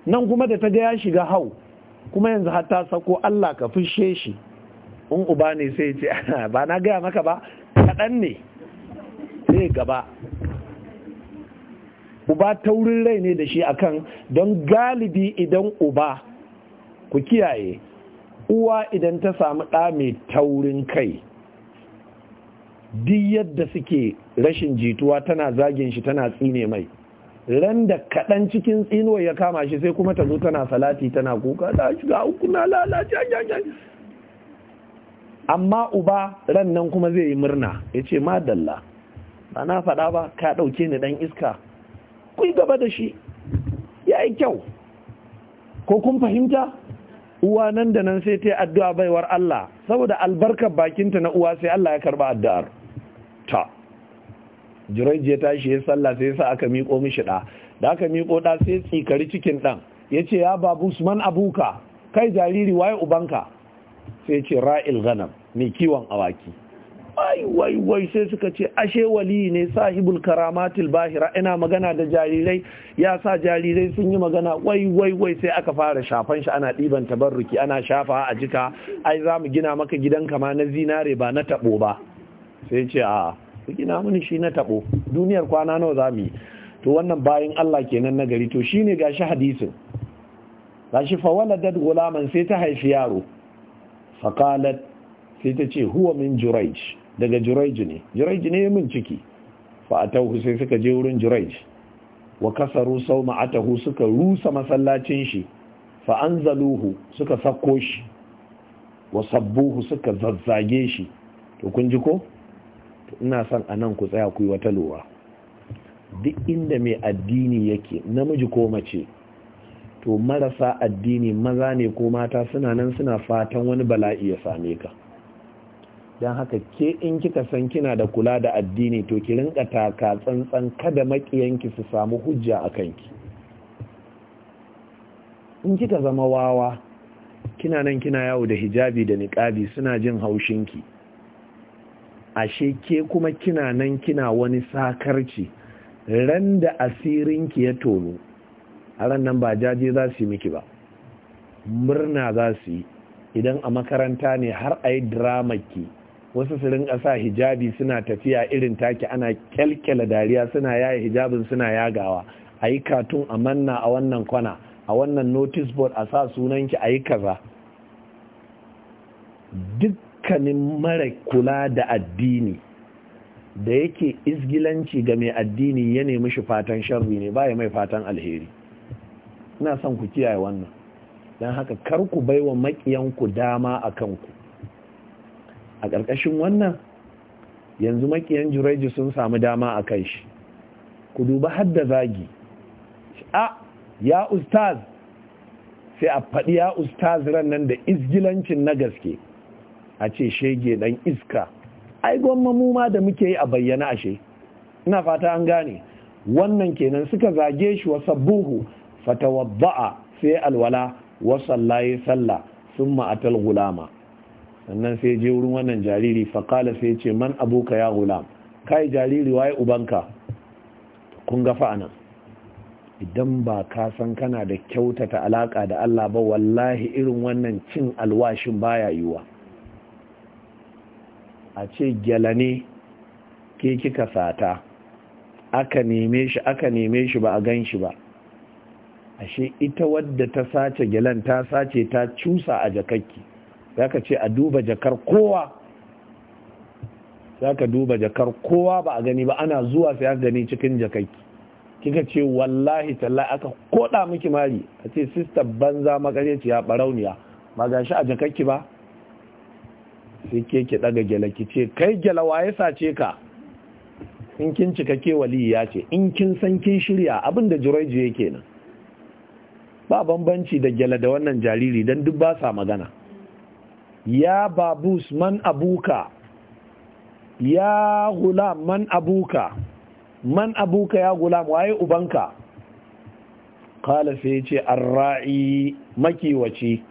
nan kuma da ta ga ya shiga hau kuma yanzu har ta sako Allah ka fishe shi in uba ne sai ce ba na gaya maka ba kaɗan ne sai gaba uba taurin rai ne da shi akan don galibi idan uba ku kiyaye uwa idan ta samu ɗa mai taurin kai duk yadda suke rashin jituwa tana zagin shi tana tsine mai ran da kaɗan cikin tsinuwa ya kama shi sai kuma ta zo tana salati tana kuka da shiga hukuna lalace amma uba ran nan kuma zai yi murna ya ce madalla ba na faɗa ba ka ɗauke ni ɗan iska ku gaba da shi ya yi kyau ko kun fahimta uwa nan da nan sai ta yi addu'a baiwar Allah saboda albarkar bakinta na uwa sai Allah ya karba addu'ar ta jiraiji ya tashi ya sallah sai sa aka miƙo mishi ɗa da aka miƙo ɗa sai tsikari cikin ɗan ya ce ya babu usman abuka kai jariri waye ubanka sai ce ra'il ganam mai kiwon awaki wai wai wai sai suka ce ashe wali ne sahibul karamatil bahira ina magana da jarirai ya sa jarirai sun yi magana wai wai wai sai aka fara shafan shi ana ɗiban tabarruki ana shafa a jika ai za mu gina maka gidan kama na zinare ba na tabo ba sai ce a gina mini shi na taɓo duniyar kwana nawa za mu yi to wannan bayan Allah kenan na gari to shine gashi hadisin gashi fa waladat gulaman sai ta haifi yaro qalat sai ta ce huwa min jurayj daga juraiji ne juraiji ne min ciki fa atahu sai suka je wurin juraiji wa kasaru sauma atahu suka rusa masallacin shi fa anzaluhu suka sako shi wa sabbuhu suka zazzage shi to kun ji ko ina son anan ku tsaya ku yi wata lura duk inda mai addini yake namiji ko mace to marasa addini maza ne ko mata suna nan suna fatan wani bala'i ya same ka don haka ke in kika san kina da kula da addini to ki rinka taka tsantsan kada makiyanki su samu hujja a kanki in kika zama wawa kina nan kina yawo da hijabi da niƙabi suna jin haushinki ashe ke kuma kina nan kina wani sakarci ran da asirinki ya tono a ran nan ba jaje za su yi miki ba murna za su yi idan a makaranta ne har a yi dramaki. wasu su rinka sa hijabi suna tafiya irin take ana kyalkyala dariya suna yaya hijabin suna yagawa a yi katun a manna a wannan kwana a wannan notice board a sa sunanki a yi kaza dukkanin mara kula da addini da yake izgilanci ga mai addini ya nemi shi fatan sharri ne baya mai fatan alheri ina son ku kiyaye wannan don haka kar ku baiwa makiyanku dama a kanku a ƙarƙashin wannan yanzu makiyan juraiji sun samu dama a kan shi ku duba hadda zagi a ya ustaz sai a faɗi ya ustaz ran nan da izgilancin na gaske a ce shege ɗan iska ai gwamma mu da muke yi a bayyana ashe ina fata an gane wannan kenan suka zage shi wa sabbuhu fatawadda'a sai alwala wa sallaye sallah sun ma'atal gulama sannan sai je wurin wannan jariri faƙala sai ce man abuka ya gulam kai jariri waye ubanka kun gafa nan. idan ba ka san kana da kyautata alaƙa da Allah ba wallahi irin wannan cin alwashin baya yiwa a ce ne. ke kika sata aka neme shi aka neme shi ba a gan shi ba ashe ita wadda ta sace gyalan ta sace ta cusa a jakakki zaka ce a duba jakar kowa zaka duba jakar kowa ba a gani ba ana zuwa sai aka gani cikin jakai kika ce wallahi tallahi aka koda miki mari a ce sista banza ya barauniya ba ga shi a jakakki ba sai ke ki daga gela ki ce kai gyala waye sace ka in kin cika ke ya ce in kin san kin shirya abin da jiroji yake nan ba bambanci da gela da wannan jariri don duk ba sa magana ya babus man abuka ya gulam man abuka man abuka ya gulam waye ubanka qala sai yace arra'i makiwaci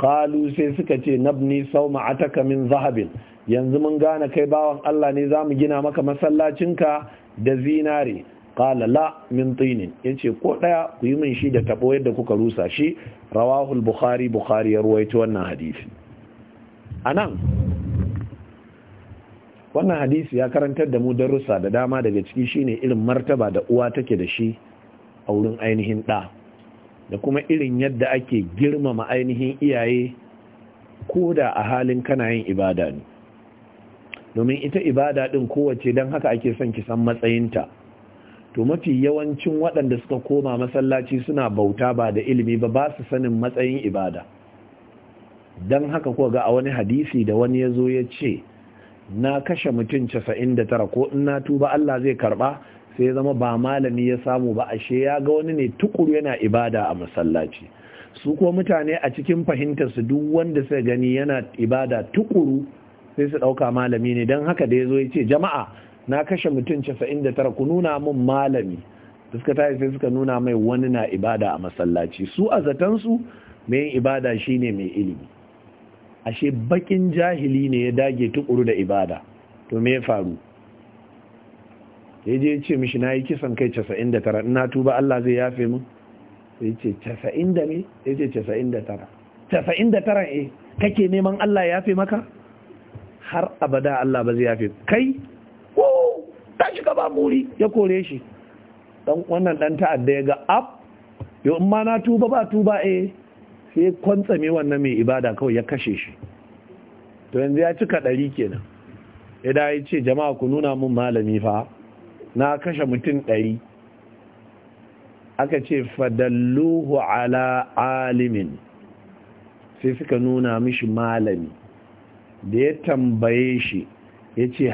qalu sai suka ce nabni sauma ataka min zahabin yanzu mun gane kai bawan Allah ne zamu gina maka masallacinka da zinari qala la min tinin yace ko ɗaya ku yi min shi da tabo yadda kuka rusa shi rawahul bukhari bukhari ya ruwaito wannan hadisi a nan wannan hadisi ya karantar da mu darussa da dama daga ciki shine irin martaba da uwa take da shi a wurin ainihin ɗa da kuma irin yadda ake girmama ainihin iyaye ko da a halin kana ibada ne domin ita ibada ɗin kowace don haka ake son kisan san matsayinta to mafi yawancin waɗanda suka koma masallaci suna bauta ba da ilimi ba ba su sanin matsayin ibada don haka ko ga a wani hadisi da wani ya zo ya ce na kashe mutum casa'in da tara ko in na tuba Allah zai karba sai ya zama ba malami ya samu ba ashe ya ga wani ne tukuru yana ibada a masallaci su ko mutane a cikin fahimtar su duk wanda sai gani yana ibada tukuru sai su ɗauka malami ne don haka da ya zo ya ce jama'a na kashe mutum casa'in da tara ku nuna min malami suka tayi sai suka nuna mai wani na ibada a masallaci su a zatansu mai ibada shine mai ilimi ashe bakin jahili ne ya dage tukuru da ibada to me ya faru ya je ce mishi na yi kisan kai 99 ina tuba Allah zai yafe min ya ce 90 da me ya ce 99 99 eh kake neman Allah ya yafe maka har abada Allah ba zai yafe kai ko ta shiga ba muri ya kore shi dan wannan dan ta'adda ya ga ab yo in ma na tuba ba tuba eh sai kwantsame wannan mai ibada kawai ya kashe shi to yanzu ya cika ɗari kenan idan ya ce jama'a ku nuna mun malami fa na kashe mutum ɗari aka ce fadalluhu ala alimin sai suka nuna mishi malami da ya tambaye shi ya ce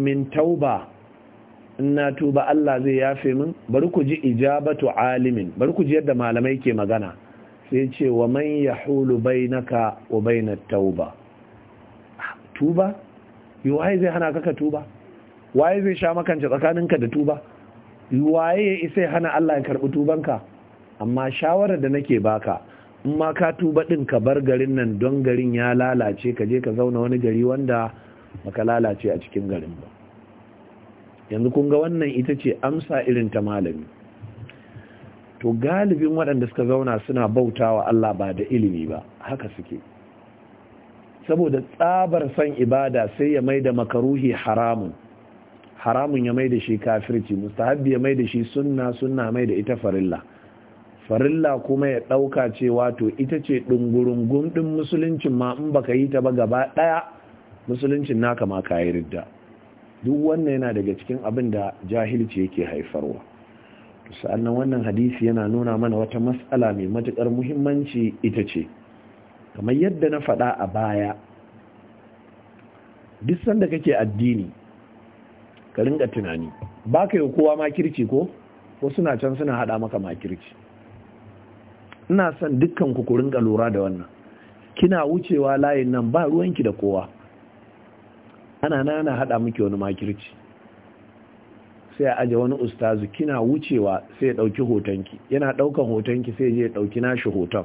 min tauba ina tuba Allah zai yafe min bari ku ji ijabatu alimin bari ku ji yadda malamai ke magana sai ce wa man yahulu bainaka wa na tauba tuba waye zai hana ka tuba waye zai sha makance tsakaninka da tuba waye ya isa hana Allah ya karbi tubanka amma shawarar da nake baka in ma ka tuba ɗin ka bar garin nan don garin ya lalace ka je ka zauna wani gari wanda baka lalace a cikin garin ba yanzu kun ga wannan ita ce amsa irin ta malami to galibin waɗanda suka zauna suna bauta wa Allah ba da ilimi ba haka suke saboda tsabar son ibada sai ya mai da makaruhi haramun haramun ya mai da shi kafirci mustahabbi ya mai da shi sunna sunna mai da ita farilla farilla kuma ya ɗauka cewa to ita ce ɗungurungun ɗin musuluncin ma in baka yi ta ba gaba ɗaya musuluncin naka ma ka yi ridda duk wannan yana daga cikin abin da jahilci yake haifarwa sa'annan wannan hadisi yana nuna mana wata matsala mai matuƙar muhimmanci ita ce kamar yadda na faɗa a baya duk sanda kake addini ka ringa tunani ba ka yi kowa makirci ko ko suna can suna haɗa maka makirci ina son dukkan ku ringa lura da wannan kina wucewa layin nan ba ruwanki da kowa ana nana haɗa maki wani makirci sai a aje wani ustazu kina wucewa sai ya ɗauki hotonki yana ɗaukan hotonki sai je ya ɗauki nashi hoton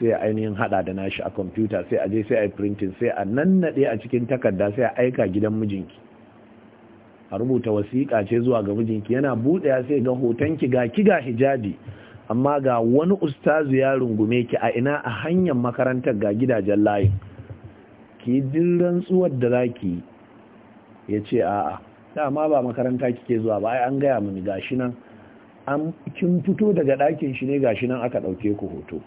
sai ainihin hada da nashi a kwamfuta sai a je sai a yi printing sai a nannaɗe a cikin takarda sai a aika gidan mijinki a rubuta wasiƙa ce zuwa ga mijinki yana buɗe sai ga hotonki ga ki ga hijabi amma ga wani ustazu ya rungume ki a ina a hanyar makarantar ga gidajen layin ki jin rantsuwar da zaki ya ce a'a dama ba makaranta kike zuwa ba ai an gaya mini gashi nan an kin fito daga ɗakin shi ne gashi nan aka ɗauke ku hoto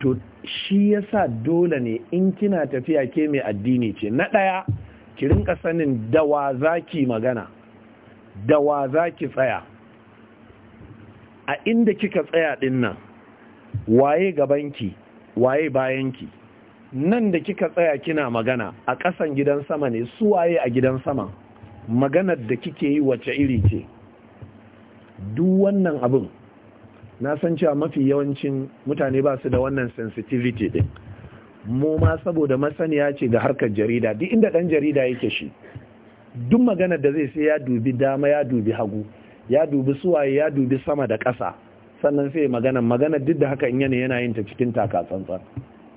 to shi yasa dole ne in kina tafiya ke mai addini ce na ɗaya ki rinka sanin dawa zaki magana dawa zaki tsaya a inda kika tsaya ɗin nan waye gabanki waye bayanki nan da kika tsaya kina magana a ƙasan gidan sama ne suwaye a gidan sama maganar da kike yi wace iri ce duk wannan abin na san cewa mafi yawancin mutane ba su da wannan sensitivity din mu ma saboda masaniya ce ga harkar jarida duk inda ɗan jarida yake shi duk maganar da zai sai ya dubi dama ya dubi hagu ya dubi suwaye ya dubi sama da ƙasa sannan sai maganar maganar duk da haka in yana yin ta cikin taka-tsantsan.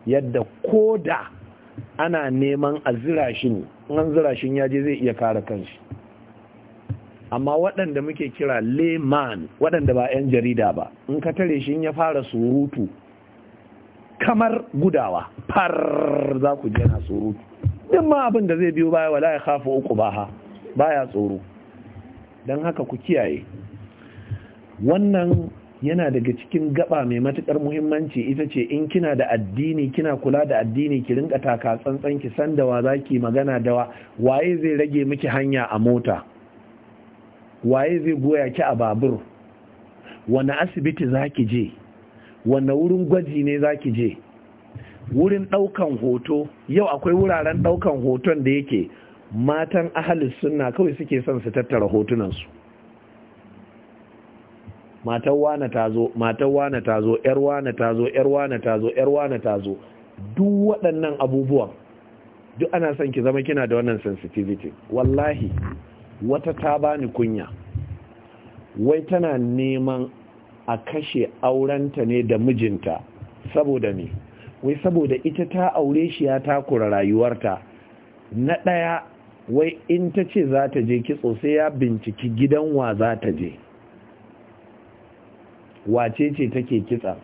yadda koda ana neman a zira an ya je zai iya kare kanshi amma waɗanda muke kira leman waɗanda ba 'yan jarida ba in ka tare shi ya fara surutu kamar gudawa far za ku jana surutu din ma abin da zai biyo baya wala ya kafa uku baha baya tsoro don haka ku kiyaye wannan yana daga cikin gaba mai matukar muhimmanci ita ce in kina da addini kina kula da addini ki rinka taka tsantsan ki san da wa zaki magana da wa waye zai rage miki hanya a mota waye zai goya ki a babur wani asibiti zaki je wani wurin gwaji ne zaki je wurin ɗaukan hoto yau akwai wuraren ɗaukan hoton da yake matan ahalus sunna kawai suke son su tattara hotunansu matar wane ta zo matar wane ta zo yar wane ta zo yar wane ta zo yar wane ta zo duk waɗannan abubuwan duk ana son ki zama kina da wannan sensitivity wallahi wata ta bani kunya wai tana neman a kashe aurenta ne da mijinta saboda ne wai saboda ita ta aure shi ya takura rayuwarta na ɗaya wai in ta ce za ta je kitso sai ya binciki gidan wa za ta je wace ce take kitsa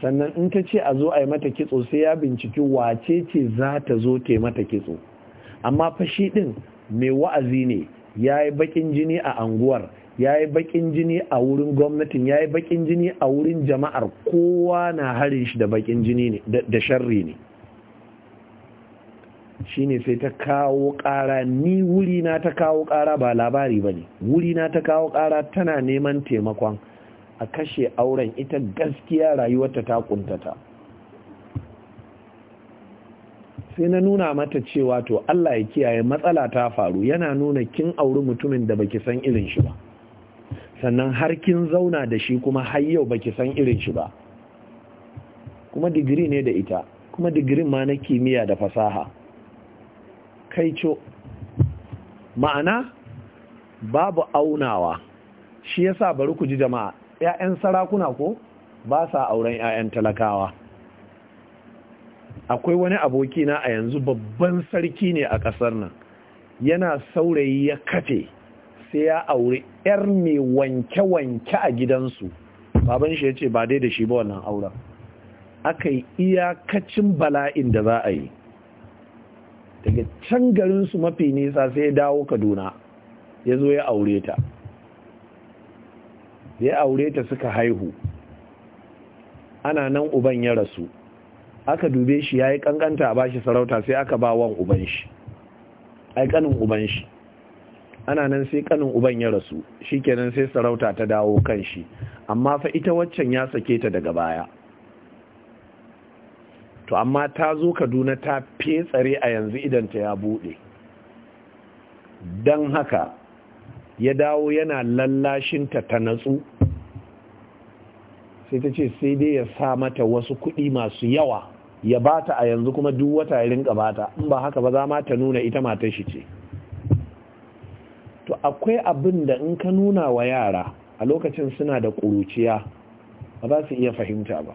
sannan in ta ce a zo a yi mata kitso sai ya binciki wace ce za ta zo ta mata kitso amma fashi ɗin mai wa'azi ne ya yi baƙin jini a anguwar ya yi baƙin jini a wurin gwamnatin ya yi baƙin jini a wurin jama'ar kowa na harin shi da bakin jini ne da sharri ne shi ne sai ta kawo kara ni wuri na ta kawo ƙara ba labari ba ne wuri na ta kawo ƙara tana neman taimakon a kashe auren ita gaskiya rayuwarta ta kuntata sai na nuna mata cewa to Allah ya kiyaye matsala ta faru yana nuna kin auri mutumin da baki san irin shi ba sannan har kin zauna da shi kuma har yau baki san irin shi ba kuma digiri ne da ita kuma digirin ma na kimiyya da fasaha kai co ma'ana babu aunawa shi yasa bari ku ji jama'a ‘ya'yan sarakuna ko ba sa auren ‘ya'yan talakawa akwai wani abokina a yanzu babban sarki ne a ƙasar nan yana saurayi ya kafe sai ya aure ‘yar mai wanke-wanke a gidansu baban shi ya ce ba dai da shi ba wannan auren aka yi iyakacin bala'in da za a yi daga can garinsu mafi nisa sai ya dawo kaduna ya zo ya aure ta da ya aure ta suka haihu ana nan uban ya rasu aka dube shi ya yi kankanta a bashi sarauta sai aka ba wan uban shi ai kanin uban shi ana nan sai kanin uban ya rasu shi kenan sai sarauta ta dawo kan shi amma fa ita waccan ya sake ta daga baya to amma ta zo kaduna ta fetsare a yanzu idan ta ya bude don haka ya dawo yana lallashinta ta natsu sai ta ce sai dai ya sa mata wasu kuɗi masu yawa ya bata a yanzu kuma duk wata ya rinka bata in ba haka ba za ma ta nuna ita mata shi ce to akwai abin da in ka nuna wa yara a lokacin suna da ƙuruciya ba za su iya fahimta ba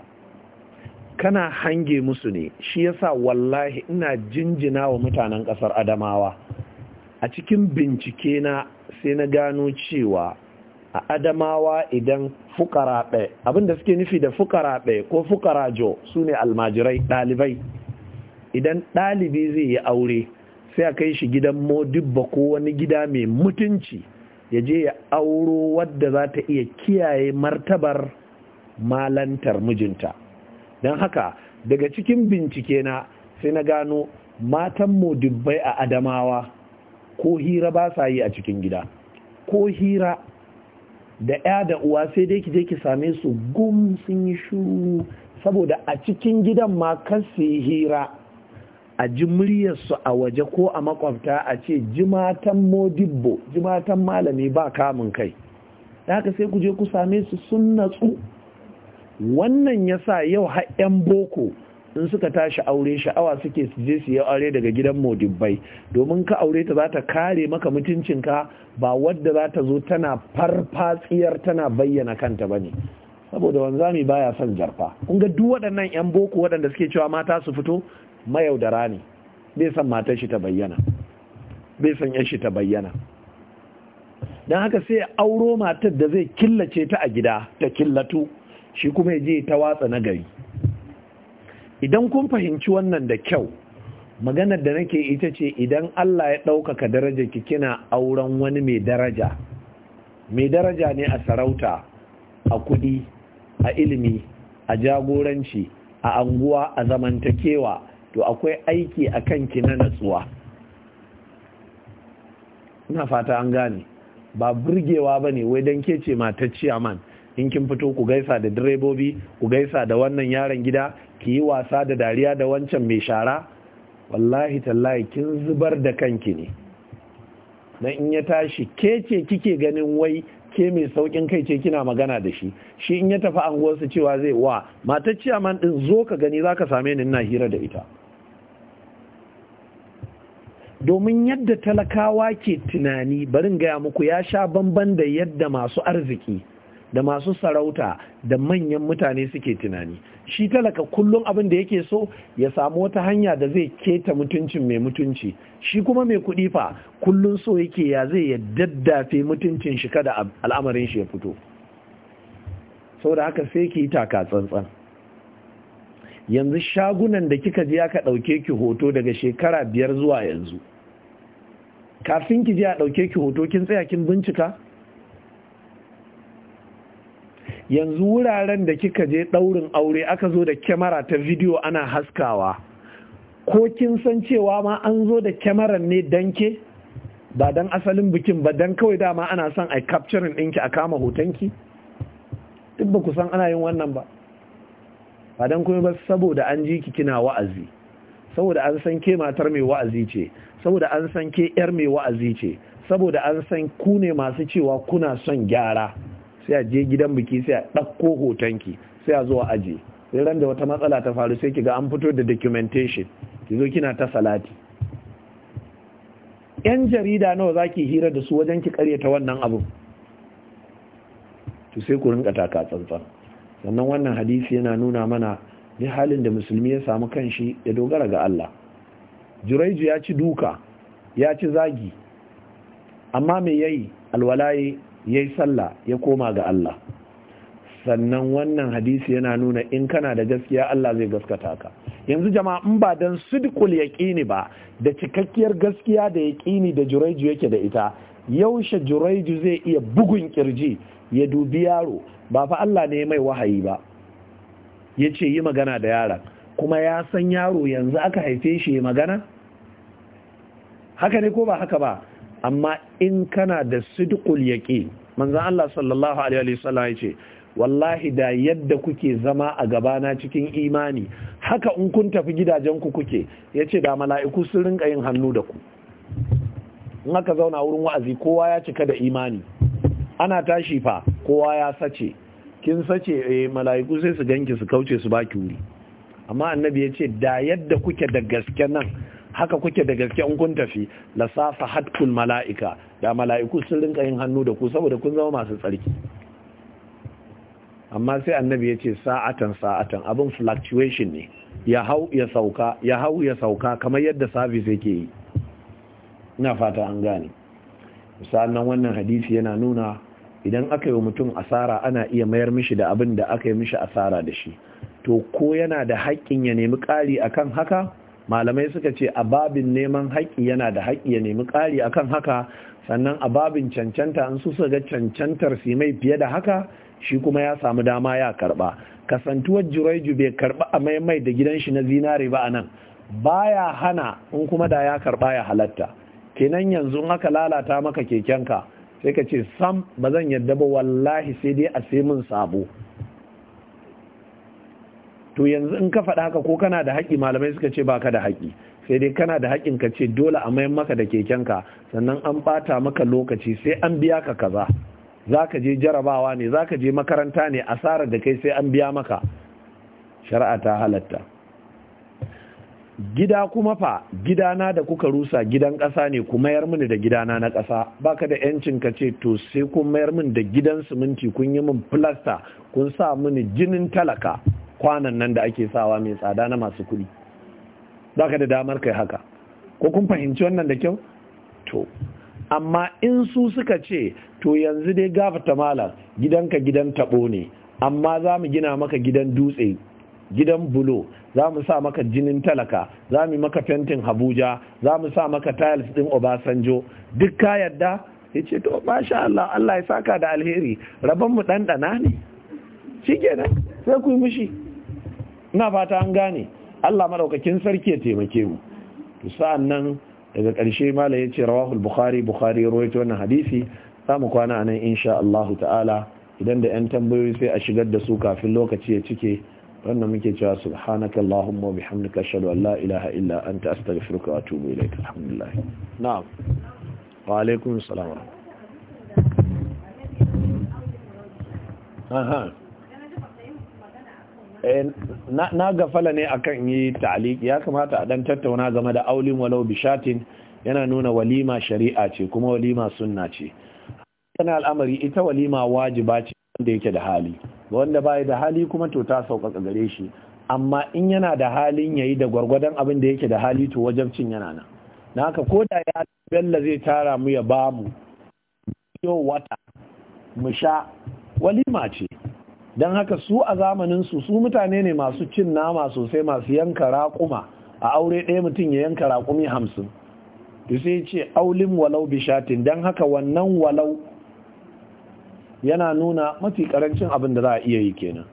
kana hange musu ne shi yasa wallahi ina jinjina wa mutanen ƙasar adamawa a cikin bincike na sai na gano cewa a adamawa idan fukara ɓe abinda suke nufi da fukara ɓe ko fukara jo su ne almajirai ɗalibai idan ɗalibi zai yi aure sai a kai shi gidan dubba ko wani gida mai mutunci ya je ya auro wadda za ta iya kiyaye martabar malantar mijinta don haka daga cikin bincike na sai na gano matan mu dubbai a adamawa ko hira ba sa yi a cikin gida ko hira da ya da uwa sai dai ki je ki same su gum sun yi shuru saboda a cikin gidan ma kan su yi hira a ji muryarsu a waje ko a makwabta a ce jimatan modibbo jimatan malami ba kamun kai haka sai ku je ku same su sun natsu wannan yasa yau har 'yan boko in suka tashi aure sha'awa suke su je su yi aure daga gidan modibbai domin ka aure ta za ta kare maka mutuncinka ba wadda za ta zo tana farfatsiyar tana bayyana kanta ba ne saboda wanzami baya son jarfa kun ga duk waɗannan 'yan boko waɗanda suke cewa mata su fito mayaudara ne bai san matar shi ta bayyana bai san yan shi ta bayyana don haka sai auro matar da zai killace ta a gida ta killatu shi kuma ya je ta watsa nagari idan kun fahimci wannan da kyau maganar da nake ita ce idan Allah ya ɗaukaka daraja ki kina auren wani mai daraja mai daraja ne a sarauta a kudi a ilimi a jagoranci a anguwa a zamantakewa to akwai aiki a kanki na natsuwa ina fata an gane ba burgewa ba ne wai don kece ce man in kin fito ku gaisa da direbobi ku gaisa da wannan yaron gida ki yi wasa da dariya da wancan mai shara wallahi tallahi kin zubar da kanki ne Na in ya tashi ke ce kike ganin wai ke mai saukin kai ce kina magana da shi shi in ya tafi anguwarsa cewa zai wa matar ciyaman din zo ka gani za ka same ni ina hira da ita domin yadda talakawa ke tunani barin gaya muku ya sha bamban da yadda masu arziki da masu sarauta da manyan mutane suke tunani shi talaka kullum abin da yake so ya samu wata hanya da zai keta mutuncin mai mutunci shi kuma mai kuɗi fa kullum so yake ya zai ya daddafe mutuncin shi kada al'amarin shi ya fito saboda haka sai ki yi taka tsantsan yanzu shagunan da kika je aka ɗauke ki hoto daga shekara biyar zuwa yanzu kafin ki je a ɗauke ki hoto kin tsaya kin bincika yanzu wuraren da kika je ɗaurin aure aka zo da kyamara ta bidiyo ana haskawa ko kin san cewa ma an zo da kyamarar ne danke ba dan asalin bikin ba dan kawai dama ana son a capturing ɗinki a kama hotonki duk ba ku san ana yin wannan ba ba dan kuma ba saboda an ji ki kina wa'azi saboda an san ke matar mai wa'azi ce saboda an san ke yar mai wa'azi ce saboda an san ku ne masu cewa kuna son gyara sai a je gidan biki sai a ɗauko hotonki sai a zo a sai ran da wata matsala ta faru sai ki ga an fito da documentation ki zo kina ta salati yan jarida nawa za zaki hira da su wajen ki ta wannan abu to sai ku rinka taka tsantsan sannan wannan hadisi yana nuna mana ni halin da musulmi ya samu kanshi ya dogara ga Allah Juraiju ya ci duka ya ci zagi amma me yayi alwalaye ya yi sallah ya koma ga Allah sannan wannan hadisi yana nuna in kana da gaskiya Allah zai gaskata ka yanzu jama'a in ba dan ya yaqini ba da cikakkiyar gaskiya da yaqini da juraiju yake da ita yaushe juraiju zai iya bugun ƙirji ya dubi yaro ba fa Allah ne mai wahayi ba yace yi magana da yaron kuma ya san yaro yanzu aka haife shi magana haka ne ko ba haka ba amma in kana da sidqul yaqin manzon Allah sallallahu alaihi wa sallam yace wallahi da yadda kuke zama a gabana cikin imani haka in kun tafi gidajen ku kuke yace da mala'iku sun rinka yin hannu da ku in aka zauna wurin wa'azi kowa ya cika da imani ana tashi fa kowa ya sace kin sace eh mala'iku sai su ganki su kauce su baki wuri amma annabi yace da yadda kuke da gaske nan haka kuke da gaske in kun tafi la hatkul malaika da malaiku sun rinka yin hannu da ku saboda kun zama masu tsarki amma sai annabi ya ce sa'atan sa'atan abin fluctuation ne ya hau ya sauka ya hau ya sauka kamar yadda service yake yi ina fata an gane nan, wannan hadisi yana nuna idan aka yi mutum asara ana iya mayar mishi da abin da aka yi mishi asara da shi to ko yana da haƙƙin ya nemi ƙari akan haka malamai suka ce a babin neman haƙƙi yana da haƙƙi ya nemi ƙari akan haka sannan a babin cancanta an su ga cancantar su mai fiye da haka shi kuma ya samu dama ya karɓa. kasantuwar juraiju bai karba a maimai da gidan shi na zinare ba a nan baya hana in kuma da ya karɓa ya halatta kenan yanzu aka lalata maka kekenka sai ka ce sam ba zan yadda ba wallahi sai dai a sai mun sabo to yanzu in ka faɗa haka ko kana da haƙƙi malamai suka ce baka da haƙƙi sai dai kana da haƙƙin ka ce dole a mayan maka da keken ka, sannan an ɓata maka lokaci sai an biya ka kaza za ka je jarabawa ne za ka je makaranta ne asarar da kai sai an biya maka shari'a ta halatta gida kuma fa gidana da kuka rusa gidan ƙasa ne ku mayar mini da gidana na ƙasa baka da yancin ka ce to sai kun mayar min da gidan siminti kun yi min filasta kun sa mini jinin talaka kwanan nan da ake sawa mai tsada na masu kuɗi za ka da damar kai haka ko kun fahimci wannan da kyau to amma in su suka ce to yanzu dai gafata mala gidanka gidan taɓo ne amma za mu gina maka gidan dutse gidan bulo za mu sa maka jinin talaka za mu maka fentin habuja za mu sa maka tiles ɗin obasanjo duk ka yadda ya ce to sha Allah Allah ya saka da alheri rabon mu ɗanɗana ne shi kenan sai ku yi mishi ina fata an gane Allah madaukakin sarki ya taimake mu to sa'an nan daga ƙarshe mala yace rawahul bukhari bukhari rawaito wannan hadisi za mu kwana anan insha Allah ta'ala idan da yan tambayoyi sai a shigar da su kafin lokaci ya cike wannan muke cewa subhanaka allahumma bihamdika ashhadu an la ilaha illa anta astaghfiruka wa atubu ilaik alhamdulillah na'am wa alaikum assalam aha Eh, na gafala ne akan yi ta'liq ya kamata a dan tattauna game da aulin walau bishatin yana nuna walima shari'a ce kuma walima sunna ce kana al'amari ita walima wajiba ce wanda yake da hali wanda bai da hali kuma to ta sauƙaƙa gare shi amma in yana da halin yayi da gwargwadon abin da yake da hali to wajabcin yana nan na haka koda ya bella zai tara mu ya bamu yau wata mu sha walima ce don haka su a zamanin su su mutane ne masu cin nama sosai masu yanka raƙuma a aure ɗaya mutum ya yanka raƙumi hamsin to sai ce aulin walau bishatin don haka wannan walau yana nuna mafi karancin abin da za a iya yi kenan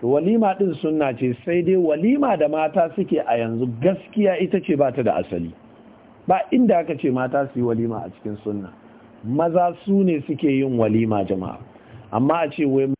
to walima ɗin sunna ce sai dai walima da mata suke a yanzu gaskiya ita ce ba ta da asali ba inda aka ce mata su yi walima a cikin sunna maza su ne suke yin walima jama'a amma a ce wai